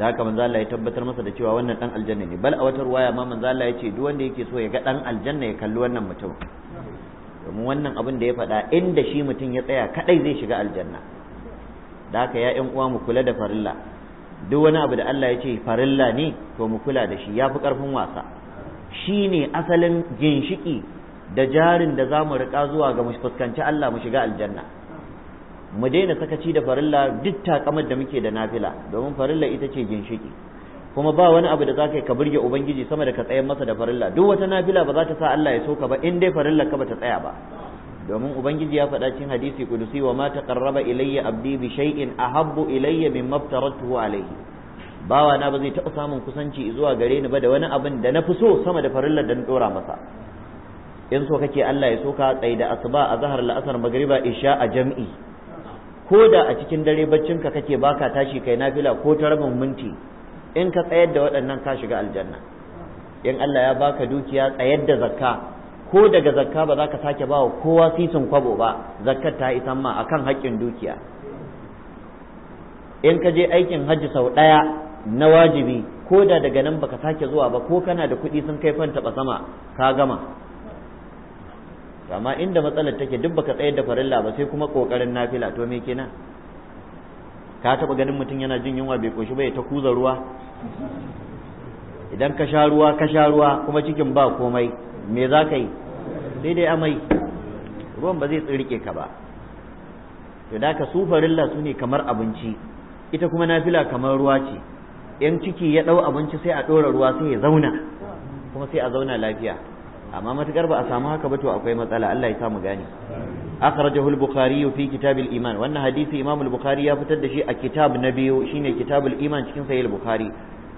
da haka manzo Allah ya tabbatar masa da cewa wannan dan aljanna ne bal a wata ruwaya ma manzo Allah ya ce duk wanda yake so ya ga dan aljanna ya kalli wannan mutum domin wannan abin da ya faɗa inda shi mutum ya tsaya kadai zai shiga aljanna da haka ya yan uwa mu kula da farilla duk wani abu da Allah ya ce farilla ne to mu kula da shi ya fi ƙarfin wasa shi ne asalin ginshiki da jarin da zamu mu riƙa zuwa ga mu fuskanci Allah mu shiga aljanna mu daina sakaci da farilla duk takamar da muke da nafila domin farilla ita ce ginshiki kuma ba wani abu da zaka yi ka burge ubangiji sama da ka tsayar masa da farilla duk wata nafila ba za ta sa Allah ya so ka ba in dai farilla ka ba ta tsaya ba domin ubangiji ya faɗa cikin hadisi kudusi wa ma taqarraba ilayya abdi bi shay'in ahabbu ilayya mimma aftaratuhu alayhi bawa na ba zai taɓa samun kusanci zuwa gare ni ba da wani abin da na fi so sama da farillar da na dora masa in so kake Allah ya so ka tsaye da asuba a zahar la'asar magriba isha a jam'i ko da a cikin dare ka kake baka tashi kai nafila ko ta rabin minti in ka tsayar da waɗannan ka shiga aljanna in Allah ya baka dukiya tsayar da zakka ko daga zakka ba za ka sake ba wa kowa sisin kwabo ba zakkar ta isan ma akan haƙƙin dukiya in ka je aikin hajji sau ɗaya na wajibi ko da daga nan baka sake zuwa ba ko kana da kuɗi sun kai fanta sama ka gama amma inda matsalar take duk baka tsayar da farilla ba sai kuma kokarin nafila to me kenan ka taba ganin mutum yana jin yunwa bai koshi ba ya ta kuza ruwa idan ka sha ruwa ka sha ruwa kuma cikin ba komai me za ka yi sai dai amai ruwan ba zai tsirke ka ba to da ka su farilla su ne kamar abinci ita kuma nafila kamar ruwa ce in ciki ya ɗau abinci sai a ɗora ruwa sai ya zauna kuma sai a zauna lafiya amma matukar ba a samu haka ba to akwai matsala Allah ya samu gani akhrajahu al-bukhari fi kitab al-iman wannan hadisi imam al-bukhari ya fitar da shi a kitab na biyu shine kitab al-iman cikin sahih al-bukhari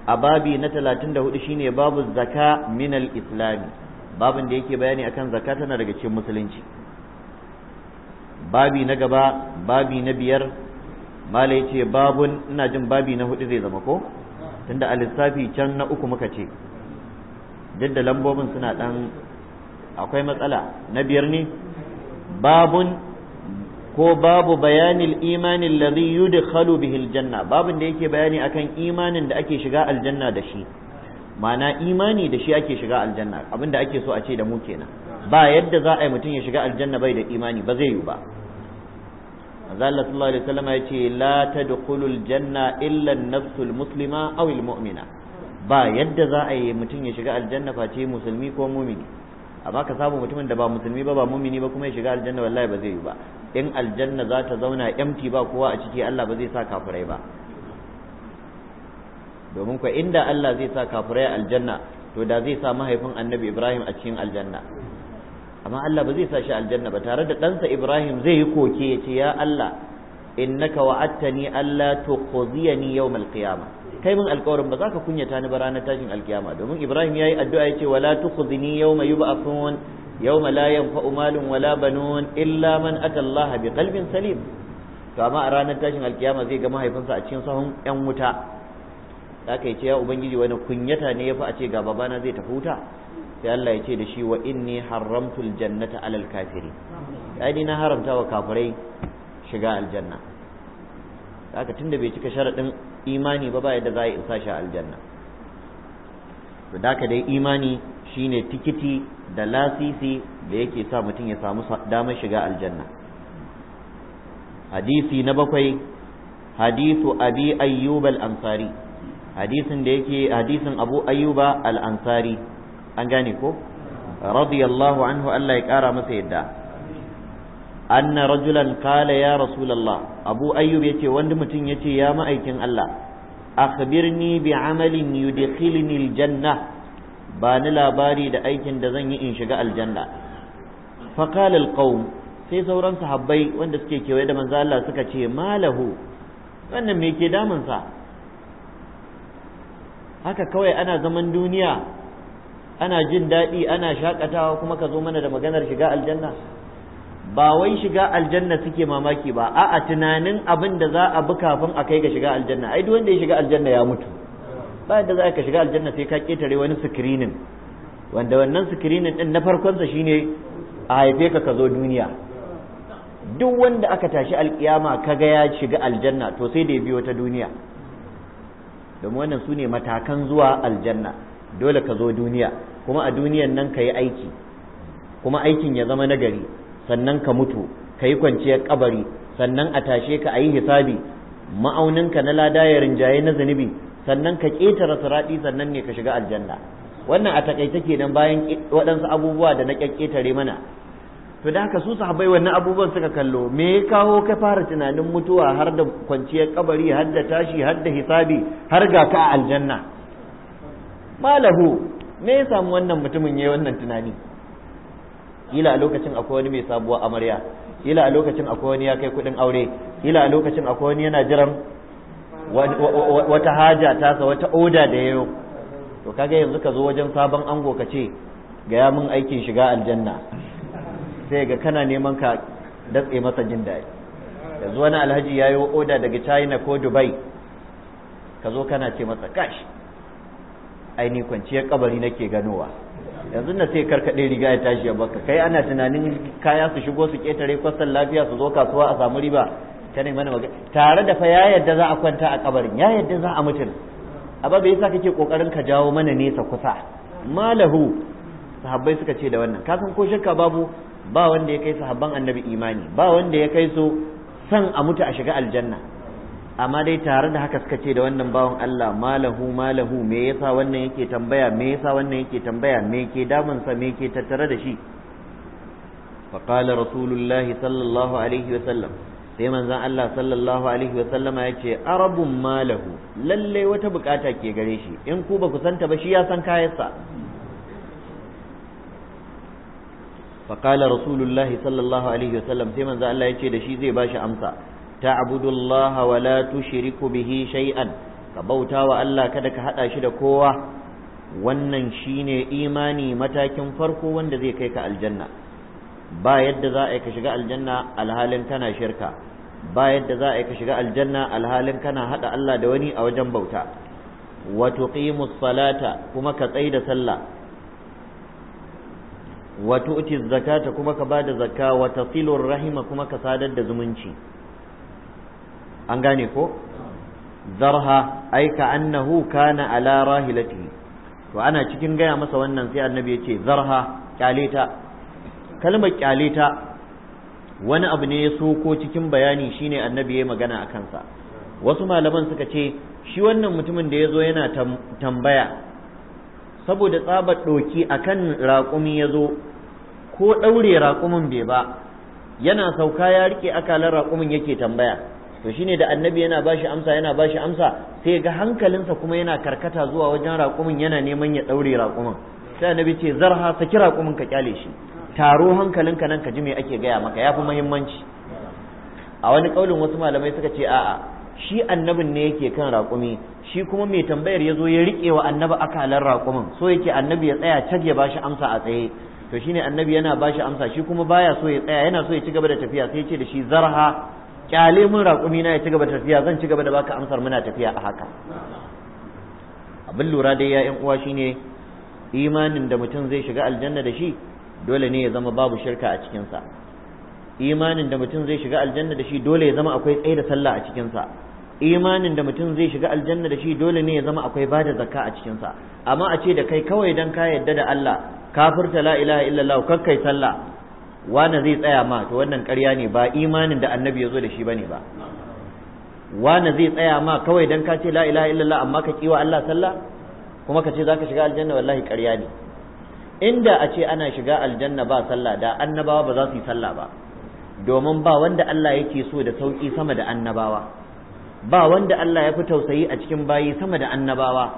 a babi na 34 shine babu zaka min al-islam babin da yake bayani akan zaka tana daga cikin musulunci babi na gaba babi na biyar mala yace babun ina jin babi na hudu zai zama ko tunda a lissafi can na uku muka ce duk da lambobin suna ɗan. akwai matsala na biyar ne babun ko babu bayanin imanin ladhi yudkhalu bihi aljanna babun da yake bayani akan imanin da ake shiga aljanna da shi ma'ana imani da shi ake shiga aljanna abinda ake so a ce da mu kenan ba yadda za a yi mutum ya shiga aljanna bai da imani ba zai yi ba manzo Allah sallallahu alaihi wasallam ya ce la tadkhulu janna illa an-nafsul muslima aw al-mu'mina ba yadda za a yi mutum ya shiga aljanna face musulmi ko mumini amma ka samu mutumin da ba musulmi ba ba mumini ba kuma ya shiga aljanna wallahi ba zai yi ba in aljanna za ta zauna empty ba kowa a ciki Allah ba zai sa kafirai ba domin ko inda Allah zai sa kafirai aljanna to da zai sa mahaifin annabi Ibrahim a cikin aljanna amma Allah ba zai sa shi aljanna ba tare da ɗansa Ibrahim zai yi koke ya ce ya Allah innaka wa'attani alla tuqziyani yawm al kai min alƙawarin ba za ka kunyata ni ba ranar tashin alkiyama domin Ibrahim yayi addu'a yace wala tuqzini yawma yub'athun yawma la yanfa'u malun wala banun illa man ata Allah bi qalbin salim to amma a ranar tashin alkiyama zai ga mahaifinsa a cikin sahun yan wuta haka yace ya ubangiji wani kunyata ne yafi a ce ga babana zai tafi wuta sai Allah ya ce da shi wa inni haramtul jannata alal kafiri ai ni na haramta wa kafirai shiga aljanna haka tunda bai cika sharaɗin imani ba ba yadda za a isa shi aljanna to daka dai imani shine tikiti da lasisi da yake sa mutum ya samu damar shiga aljanna hadisi na bakwai hadisu abi ayyub al-ansari hadisin da yake hadisin abu ayyuba al-ansari an gane ko radiyallahu anhu Allah ya kara masa yadda anna rajulan qala ya rasulallah, abu ayyub yace wanda mutum yace ya ma'aikin Allah akhbirni bi amalin yudkhilni aljanna ba ni labari da aikin da zan yi in shiga aljanna fa qala alqawm sai sauran sahabbai wanda suke kewaye da manzo Allah suka ce malahu wannan me ke damun sa haka kawai ana zaman duniya ana jin daɗi ana shakatawa kuma ka zo mana da maganar shiga aljanna ba wai shiga aljanna suke mamaki ba a'a tunanin abin da za a bi kafin a kai ga shiga aljanna ai duk wanda ya shiga aljanna ya mutu ba yadda za ka shiga aljanna sai ka ketare wani sikirinin wanda wannan sikirinin din na farkonsa shine a haife ka ka zo duniya duk wanda aka tashi alkiyama kaga ya shiga aljanna to sai da ya biyo ta duniya domin wannan su ne matakan zuwa aljanna dole ka zo duniya kuma a duniyan nan ka yi aiki kuma aikin ya zama nagari sannan ka mutu ka yi kwanciyar kabari sannan a tashe ka a yi hisabi ma'auninka na lada ya rinjaye na zunubi sannan ka ƙetare siraɗi sannan ne ka shiga aljanna wannan a ke kenan bayan waɗansu abubuwa da na ƙetare mana to da haka su sahabbai wannan abubuwan suka kallo me ya kawo ka fara tunanin mutuwa har da kwanciyar kabari har da tashi har da hisabi har ga ka a aljanna malahu me ya samu wannan mutumin ya yi wannan tunani ila a lokacin akwai wani mai sabuwar amarya ila a lokacin akwai wani ya kai kuɗin aure ila a lokacin akwai wani yana jiran wata haja tasa wata oda da yayo to kaga yanzu ka zo wajen sabon ango ka ce ga ya min aikin shiga aljanna sai ga kana neman ka datse masa jin daɗi yanzu wani alhaji ya oda daga china ko dubai ka zo kana ce masa Ai ni kwanciyar kabari nake ganowa yanzu na sai karkaɗe riga ya tashi ya baka kai ana tunanin kaya su shigo su ketare kwastan lafiya su zo kasuwa a samu riba ta ne mana magana tare da fa ya yadda za a kwanta a kabarin ya yadda za a mutum abba bai yasa kake kokarin ka jawo mana nesa kusa malahu sahabbai suka ce da wannan kasan ko shakka babu ba wanda ya kai sahabban annabi imani ba wanda ya kai su san a mutu a shiga aljanna amma dai tare da haka suka ce da wannan bawan Allah malahu malahu me yasa wannan yake tambaya me yasa wannan yake tambaya me ke damun sa me ke tattare da shi fa qala rasulullahi sallallahu alaihi wa sallam sai manzon Allah sallallahu alaihi wa sallama yace arabun malahu lalle wata bukata ke gare shi in ku ba ku santa ba shi ya san kayansa fa qala rasulullahi sallallahu alaihi wa sallam sai manzon Allah ce da shi zai bashi amsa ta'budu Allah wa la tushriku bihi shay'an ka bauta wa Allah kada ka hada shi da kowa wannan shine imani matakin farko wanda zai kai ka aljanna ba yadda za a ka shiga aljanna alhalin kana shirka ba yadda za a ka shiga aljanna alhalin kana hada Allah da wani a wajen bauta wa tuqimus salata kuma ka tsai da sallah wa tu'ti zakata kuma ka bada zakka wa tasilur rahima kuma ka sadar da zumunci an gane ko zarha ai ka annahu kana ala rahilati to ana cikin gaya masa wannan sai annabi ya ce zarha kyaleta kalmar kyaleta wani abu ne ya soko cikin bayani shine annabi ya magana a kansa wasu malaman suka ce shi wannan mutumin da ya zo yana tambaya saboda tsabar ɗoki a kan raƙumi ya zo ko ɗaure raƙumin bai ba yana sauka ya riƙe akalar raƙumin yake tambaya to shine da annabi yana bashi amsa yana bashi amsa sai ga hankalinsa kuma yana karkata zuwa wajen raƙumin yana neman ya ɗaure raƙumin sai annabi ce zarha saki raƙumin ka kyale shi taro hankalinka nan ka ji me ake gaya maka yafi muhimmanci a wani kaulin wasu malamai suka ce a'a shi annabin ne yake kan raƙumi shi kuma mai tambayar ya zo ya riƙe wa annabi akalar raƙumin so yake annabi ya tsaya cak ya bashi amsa a tsaye to shine annabi yana bashi amsa shi kuma baya so ya tsaya yana so ya ci gaba da tafiya sai ya ce da shi zarha kyale mun raƙumi na ya ci gaba da tafiya zan ci gaba da baka amsar muna tafiya a haka abin lura dai ya yan uwa shine imanin da mutum zai shiga aljanna da shi dole ne ya zama babu shirka a cikinsa imanin da mutum zai shiga aljanna da shi dole ya zama akwai tsaye da sallah a cikinsa imanin da mutum zai shiga aljanna da shi dole ne ya zama akwai bada zakka a cikinsa amma a ce da kai kawai dan ka yadda da Allah kafirta la ilaha illallah kakkai sallah Wana zai tsaya ma to wannan ƙarya ne ba imanin da annabi ya zo da shi ba ne ba wani zai tsaya ma kawai don ka ce la ilaha illallah amma ka kiwa Allah sallah kuma ka ce za ka shiga aljanna wallahi ƙarya ne inda a ce ana shiga aljanna ba sallah da annabawa ba za su yi sallah ba domin ba wanda Allah yake so da sauki sama da annabawa ba wanda Allah ya fi tausayi a cikin bayi sama da annabawa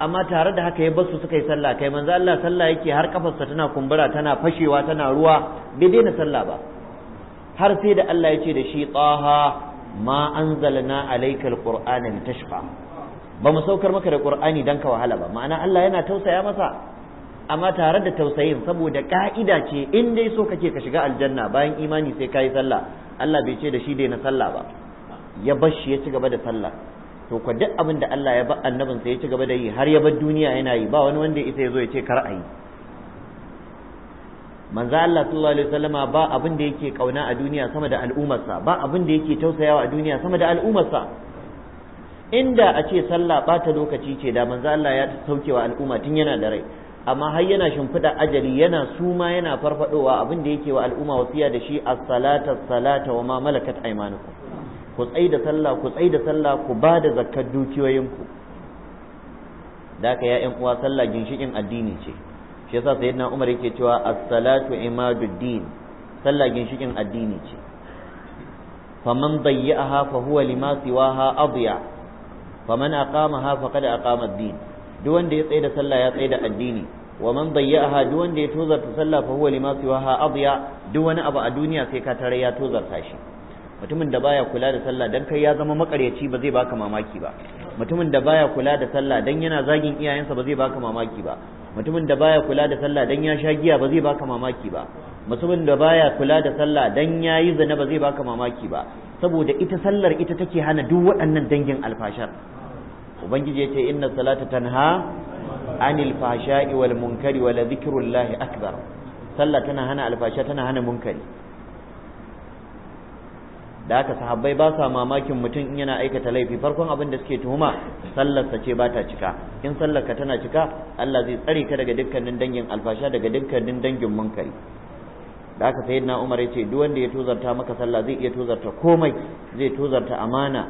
amma tare da haka ya basu suka yi sallah kai manzo Allah sallah yake har kafarsa tana kumbura tana fashewa tana ruwa bai daina sallah ba har sai da Allah ya ce da shi qaha ma anzalna alayka alqur'ana litashqa ba mu saukar maka da qur'ani dan ka wahala ba ma'ana Allah yana tausaya masa amma tare da tausayin saboda ka'ida ce in dai so kake ka shiga aljanna bayan imani sai kai sallah Allah bai ce da shi daina sallah ba ya bashi ya ci gaba da sallah to ko duk abin da Allah ya ba annabin sa ya ci gaba da yi har ya bar duniya yana yi ba wani wanda isa ya zo ya ce kar a yi manzo Allah sallallahu alaihi wasallama ba abin da yake kauna a duniya sama da sa ba abin da yake tausayawa a duniya sama da sa inda a ce sallah bata lokaci ce da manzo Allah ya saukewa al'umma tun yana da rai amma har yana shimfiɗa ajali yana suma yana farfadowa abin da yake wa al'umma wasiya da shi as-salata as-salata wa ma malakat aymanukum ku tsai da sallah ku tsai da sallah ku ba da zakkar dukiyoyinku da haka ya uwa sallah ginshikin addini ce shi yasa sayyidina Umar yake cewa as-salatu imaduddin sallah ginshikin addini ce faman dayyaha fa huwa lima siwaha adya faman aqamaha faqad aqama ad-din duk wanda ya tsaye da sallah ya tsaye da addini wa man dayyaha duk wanda ya tozarta sallah fa huwa lima siwaha adya duk wani abu a duniya sai ka tare ya tozarta shi mutumin da baya kula da sallah dan kai ya zama makaryaci ba zai baka mamaki ba mutumin da baya kula da sallah dan yana zagin iyayensa ba zai baka mamaki ba mutumin da baya kula da sallah dan ya sha giya ba zai baka mamaki ba mutumin da baya kula da sallah dan yayi zina ba zai baka mamaki ba saboda ita sallar ita take hana duk waɗannan dangin alfashar ubangiji ya ce inna salata tanha anil fashai wal munkari wa la dhikrullahi akbar sallah tana hana alfasha tana hana munkari da haka sahabbai ba sa mamakin mutum in yana aikata laifi farkon abin da suke tuhuma sallarsa ce ba ta cika in sallarka tana cika Allah zai tsare ka daga dukkanin dangin alfasha daga dukkanin dangin munkari da haka sayyidina Umar ya ce duk wanda ya tozarta maka sallah zai iya tozarta komai zai tozarta amana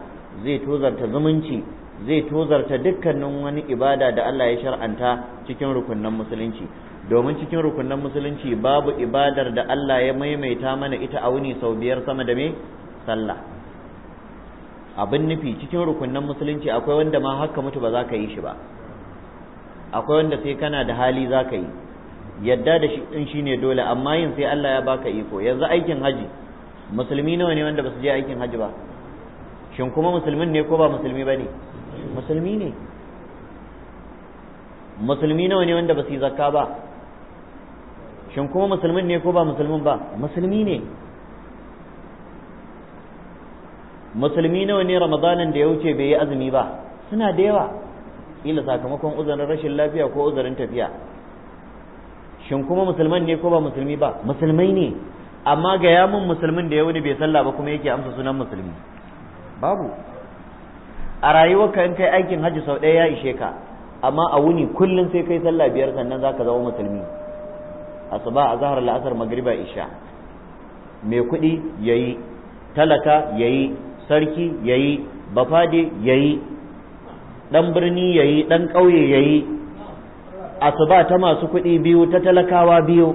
zai tozarta zumunci zai tozarta dukkanin wani ibada da Allah ya shar'anta cikin rukunnan musulunci domin cikin rukunnan musulunci babu ibadar da Allah ya maimaita mana ita a wuni sau biyar sama da me sallah abin nufi cikin rukunnan musulunci akwai wanda ma haka mutu ba za ka yi shi ba akwai wanda sai kana da hali za ka yi yadda da shi in shi ne dole amma yin sai Allah ya baka iko yanzu aikin haji musulmi nawa ne wanda ba su je aikin haji ba shin kuma musulmin ne ko ba musulmi ba ne musulmi ne musulmi nawa ne wanda ba su yi zakka ba shin kuma musulmin ne ko ba musulmin ba musulmi ne musulmi nawa ne ramadanin da ya wuce bai yi azumi ba suna da yawa ila sakamakon uzurin rashin lafiya ko uzurin tafiya shin kuma musulman ne ko ba musulmi ba musulmai ne amma ga yamin musulmin da ya wuni bai sallah ba kuma yake amsa sunan musulmi babu a ka in kai aikin hajji sau ɗaya ya ishe ka amma a wuni kullum sai kai sallah biyar sannan zaka zama musulmi asuba a zahar la'asar magriba isha mai kuɗi yayi talaka yayi sarki yayi bafade yayi ɗan birni yayi ɗan ƙauye yayi asuba ta masu kuɗi biyu ta talakawa biyu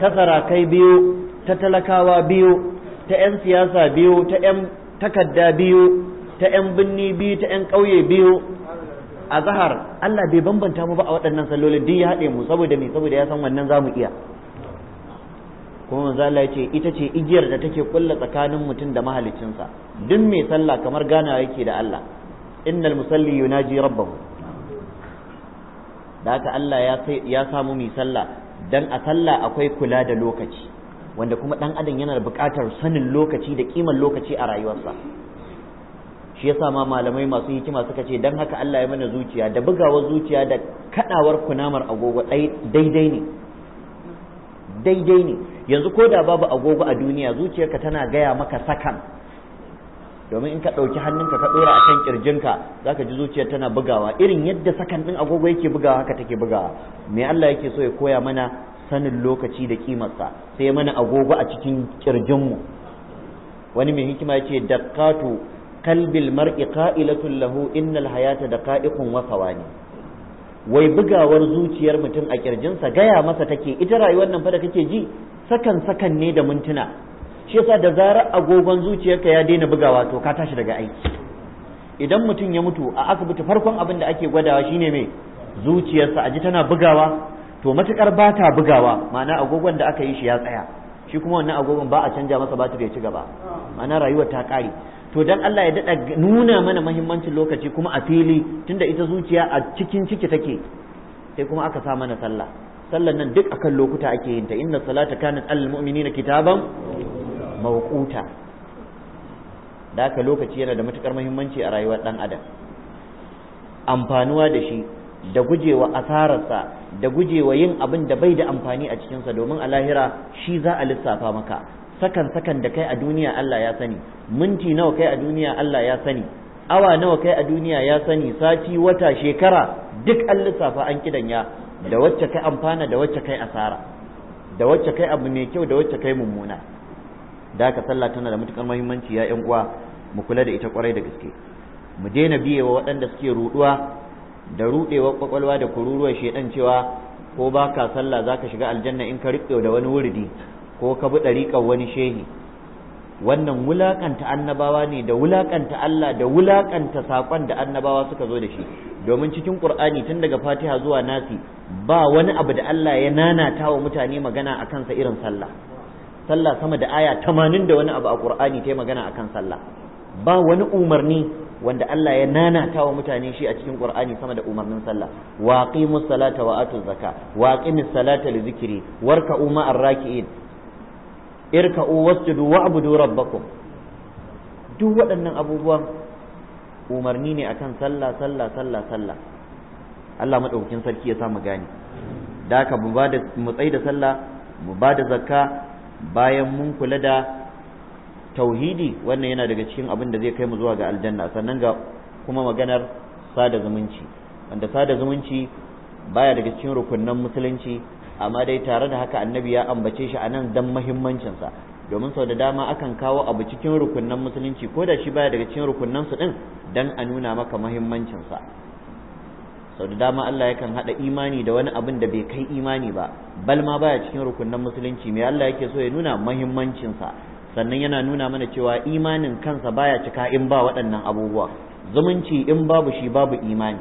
ta sarakai biyu ta talakawa biyu ta 'yan siyasa biyu ta 'yan takarda biyu ta 'yan binni biyu ta 'yan ƙauye biyu a zahar Allah bai bambanta mu ba a waɗannan sallolin duk ya haɗe mu saboda me saboda ya san wannan za mu iya kuma manzo Allah ya ce ita ce igiyar da take kulla tsakanin mutum da mahaliccinsa duk mai sallah kamar gana yake da Allah innal musalli yunaji rabbahu da haka Allah ya samu mai sallah dan a sallah akwai kula da lokaci wanda kuma dan adam yana buƙatar sanin lokaci da kiman lokaci a rayuwarsa shi yasa ma malamai masu hikima suka ce dan haka Allah ya mana zuciya da bugawar zuciya da kadawar kunamar agogo daidai ne daidai ne yanzu ko da babu agogo a duniya zuciyarka tana gaya maka sakan domin in ka ɗauki hannunka ka ɗora a kan ƙirjinka za ka ji zuciyar tana bugawa irin yadda sakan ɗin agogo yake bugawa haka take bugawa me Allah yake so ya koya mana sanin lokaci da kimarsa sai mana agogo a cikin ƙirjinmu wani mai hikima ya ce dakkatu kalbil mar'i qa'ilatun lahu innal hayata da daqa'iqun wa ne wai bugawar zuciyar mutum a ƙirjinsa gaya masa take ita rayuwar nan fa da kake ji sakan sakan ne da mintuna shi yasa da zarar agogon zuciyarka ya daina bugawa to ka tashi daga aiki idan mutum ya mutu a asibiti farkon abin da ake gwadawa shine me zuciyarsa aji tana bugawa to matukar ba ta bugawa ma'ana agogon da aka yi shi ya tsaya shi kuma wannan agogon ba a canja masa batiri ya ci gaba ma'ana rayuwar ta kare to dan Allah ya dada nuna mana mahimmancin lokaci kuma a fili tunda ita zuciya a cikin ciki take sai kuma aka sa mana sallah sallan nan duk akan lokuta ake yin ta inna salata kanat al mu'minina kitaban mawquta da lokaci yana da matukar muhimmanci a rayuwar dan adam amfanuwa da shi da gujewa asararsa da gujewa yin abin da bai da amfani a cikinsa domin a lahira shi za a lissafa maka sakan sakan da kai a duniya Allah ya sani minti nawa kai a duniya Allah ya sani awa nawa kai a duniya ya sani sati wata shekara duk an lissafa an kidanya da wacce kai amfana da wacce kai asara da wacce kai abu mai kyau da wacce kai mummuna da haka sallah tana da matukar muhimmanci ya yan uwa mu kula da ita kwarai da gaske mu daina biyewa waɗanda suke ruɗuwa da ruɗewa kwakwalwa da kururuwar shedan cewa ko ba ka sallah za ka shiga aljanna in ka riƙe da wani wuridi ko ka bi ɗariƙar wani shehi wannan wulaƙanta annabawa ne da wulaƙanta Allah da wulaƙanta saƙon da annabawa suka zo da shi domin cikin ƙur'ani tun daga fatiha zuwa nasi ba wani abu da Allah ya nanata wa mutane magana a kansa irin sallah sallah sama da aya tamanin da wani abu a kur'ani ta magana akan sallah ba wani umarni wanda Allah ya nanata wa mutane shi a cikin kur'ani sama da umarnin sallah wa qimus salata wa atuz zaka wa qimis salata li zikri warka'u ma arraki'in irka'u wasjudu wa'budu rabbakum duk waɗannan abubuwan umarni ne akan sallah sallah sallah sallah Allah madaukakin sarki ya sa mu gane da ka mu bada mu da sallah mu bada zakka bayan mun kula da tauhidi wannan yana daga cikin abin da zai kai mu zuwa ga aljanna sannan ga kuma maganar sada zumunci wanda sada zumunci baya daga cikin rukunnan musulunci amma dai tare da haka annabi ya ambace shi a nan don mahimmancinsa domin sau da dama akan kawo abu cikin rukunnan musulunci ko da shi baya daga cikin rukunnan su din dan a nuna maka mahimmancinsa sau da dama Allah yakan haɗa imani da wani abin da bai kai imani ba bal ma baya cikin rukunan musulunci mai Allah yake so ya nuna mahimmancinsa sannan yana nuna mana cewa imanin kansa baya cika in ba waɗannan abubuwa zumunci in babu shi babu imani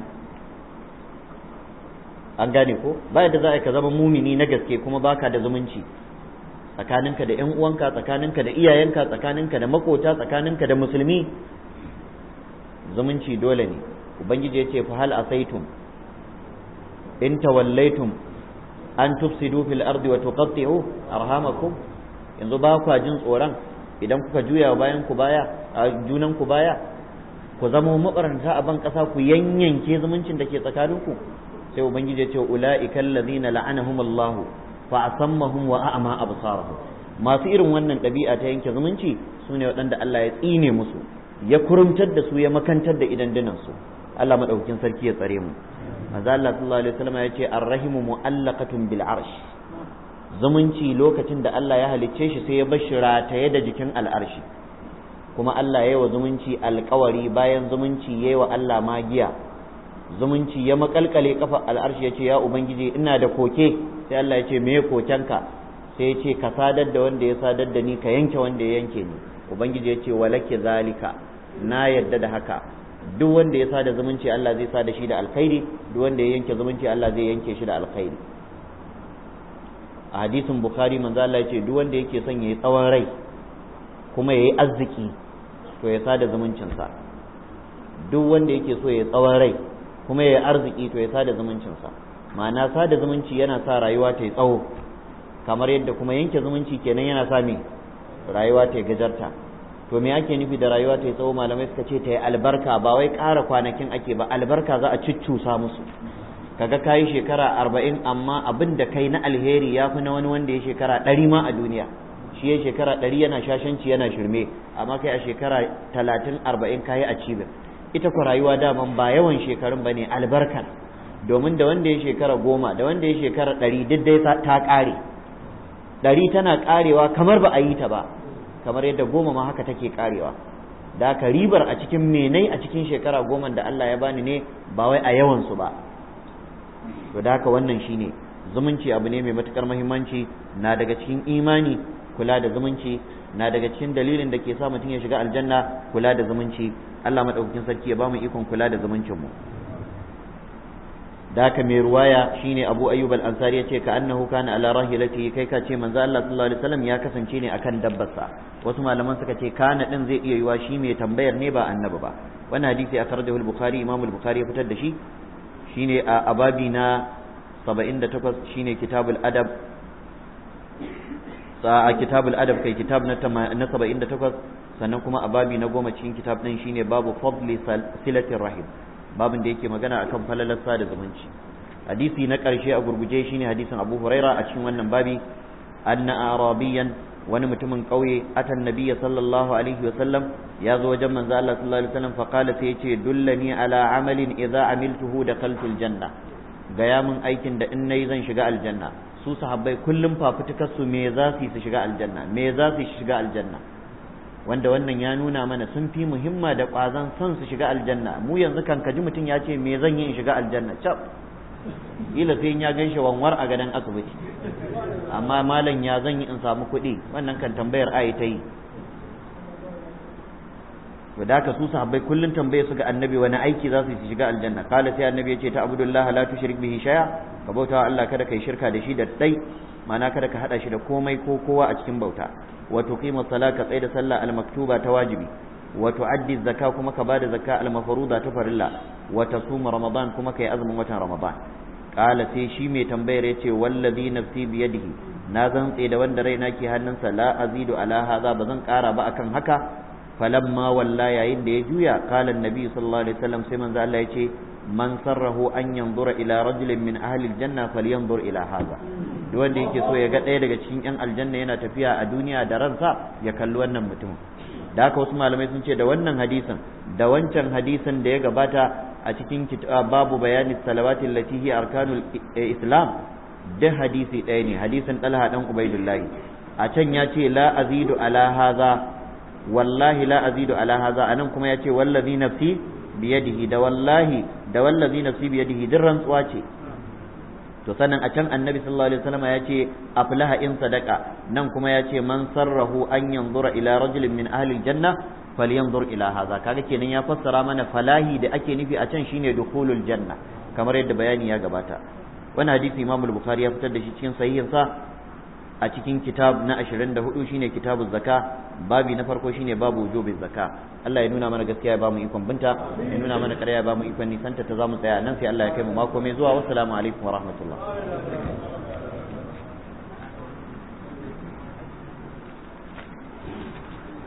an gane ko baya da za a ka zama mumini na gaske kuma baka da zumunci tsakaninka da ‘yan uwanka tsakaninka da iyayenka tsakaninka da makota tsakaninka da musulmi zumunci dole ne ubangiji ya ce fa hal asaitum in tawallaitum an tufsidu fil ardi wa tuqatti'u arhamakum yanzu ba ku jin tsoron idan kuka juya bayan ku baya a junan ku baya ku zama mabaranta a ban kasa ku yanyanke zumuncin da ke tsakaninku sai ubangiji ya ce ulaika allazina la'anahumullahu fa asammahum wa a'ma absarahum masu irin wannan ɗabi'a ta yanke zumunci sune waɗanda Allah ya tsine musu ya kurumtar da su ya makantar da idan su Allah maɗaukin sarki ya tsare mu manzo Allah sallallahu alaihi wasallam ya ce mu'allaqatun bil arsh zumunci lokacin da Allah ya halicce shi sai ya bashi rataye da jikin al'arshi kuma Allah ya yi wa zumunci alkawari bayan zumunci ya yi wa Allah magiya zumunci ya makalkale kafa al'arshi ya ce ya ubangiji ina da koke sai Allah ya ce koken ka sai ya ka sadar da wanda ya sadar da ni ka yanke wanda ya yanke ni ubangiji yace ce walake zalika na yadda da haka duk wanda ya sada zumunci Allah zai sada shi da alkhairi duk wanda ya yanke zumunci Allah zai yanke shi da alkhairi a hadisin bukhari manzo Allah ya ce duk wanda yake son yayi tsawon rai kuma yayi arziki to ya sada zumuncinsa duk wanda yake so yayi tsawon rai kuma yayi arziki to ya sada zumuncinsa ma'ana sada zumunci yana sa rayuwa ta yi tsawo kamar yadda kuma yanke zumunci kenan yana sa me rayuwa ta gajarta to me ake nufi da rayuwa ta yi tsawo malamai suka ce ta yi albarka ba wai ƙara kwanakin ake ba albarka za a cuccusa musu kaga kayi shekara arba'in amma abin da kai na alheri ya fi na wani wanda ya shekara ɗari ma a duniya shi ya shekara ɗari yana shashanci yana shirme amma kai a shekara talatin arba'in kayi a cibin ita ku rayuwa dama ba yawan shekarun ba ne albarkar domin da wanda ya shekara goma da wanda ya shekara ɗari duk dai ta ƙare ɗari tana ƙarewa kamar ba a yi ta ba kamar yadda goma ma haka take karewa da ka ribar a cikin menai a cikin shekara goma da Allah ya bani ne ba wai a yawan su ba to da haka wannan shine zumunci abu ne mai matukar muhimmanci na daga cikin imani kula da zumunci na daga cikin dalilin da ke sa mutum ya shiga aljanna kula da zumunci Allah madaukakin sarki ya ba mu ikon kula da zumuncin mu da haka mai ruwaya shine Abu Ayyub al-Ansari yace ka annahu kana ala rahilatihi kai ka ce manzo Allah sallallahu alaihi wasallam ya kasance ne akan dabbarsa wasu malaman suka ce kana din zai iya yiwa shi mai tambayar ne ba annabi ba wannan hadisi akhrajahu al-Bukhari Imam al-Bukhari ya fitar da shi shine a ababi na 78 shine kitabul adab a kitabul adab kai kitab na 78 sannan kuma ababi na goma cikin kitab din shine babu fadli silatir rahim babin da yake magana akan falalar da zumunci hadisi na ƙarshe a gurguje shine hadisin Abu Huraira a cikin wannan babi anna arabiyan wani mutumin ƙauye atan nabiyya sallallahu alaihi wa sallam ya zo wajen manzo Allah sallallahu alaihi wa sallam fa qala sai yace dullani ala amalin idza amiltuhu dakhaltul janna gaya min aikin da in nayi zan shiga aljanna su sahabbai kullum fafutukar su me za su shiga aljanna me za su shiga aljanna wanda wannan ya nuna mana sun fi muhimma da ƙwazon son su shiga aljanna mu yanzu kan kaji mutum ya ce me zan yi in shiga aljanna cap ila sai ya gan shi wanwar a gadon asibiti amma malam ya zan yi in samu kuɗi wannan kan tambayar ayi ta yi da haka su sahabbai kullum tambaye su ga annabi wani aiki za su yi shiga aljanna kala sai annabi ya ce ta abdullahi la tushrik bihi shay'a ka bautawa Allah kada kai shirka da shi da dai ma'ana kada ka hada shi da komai ko kowa a cikin bauta wa tuqimu salata tsaye da sallah al-maktuba ta wajibi wa tu'addi zakka kuma ka bada zakka al-mafruda ta farilla wa tasuma ramadan kuma kai azumin watan ramadan qala sai shi mai tambayar yace wallazi nafsi bi yadihi na zantse da wanda raina ke hannunsa la azidu ala hadha bazan kara ba akan haka falamma walla yayin da ya juya qala annabi sallallahu alaihi wasallam sai manzo Allah yace man sarrahu an yanzura ila rajulin min ahli aljanna falyanzur ila hadha wanda yake so ya ga ɗaya daga cikin yan aljanna yana tafiya a duniya da ransa ya kalli wannan mutumin da haka wasu malamai sun ce da wannan hadisin da wancan hadisin da ya gabata a cikin babu bayani salawatin latihi arkanul e, islam da hadisi ɗaya ne hadisin ɗalha ɗan ubaidullahi a can ya ce la azidu ala wallahi la azidu ala nan anan kuma ya ce wallazi nafsi biyadihi da wallahi da wallazi nafsi biyadihi din rantsuwa ce to sannan a can annabi sallallahu alaihi wasallam ya ce aflaha in sadaka nan kuma ya ce man sarrahu an yanzura ila rajulin min ahli janna falyanzur ila hadha kaga kenan ya fassara mana falahi da ake nufi a can shine dukhulul janna kamar yadda bayani ya gabata wannan hadisi Imam al-Bukhari ya fitar da shi cikin sahihinsa a cikin kitab na 24 shine kitabuz zaka babi na farko shine babu wujubiz zaka Allah ya nuna mana gaskiya ya bamu ikon binta ya nuna mana ƙarya ya bamu ikon nisanta ta zamu tsaya nan sai Allah ya kai mu mako mai zuwa wassalamu alaikum wa rahmatullah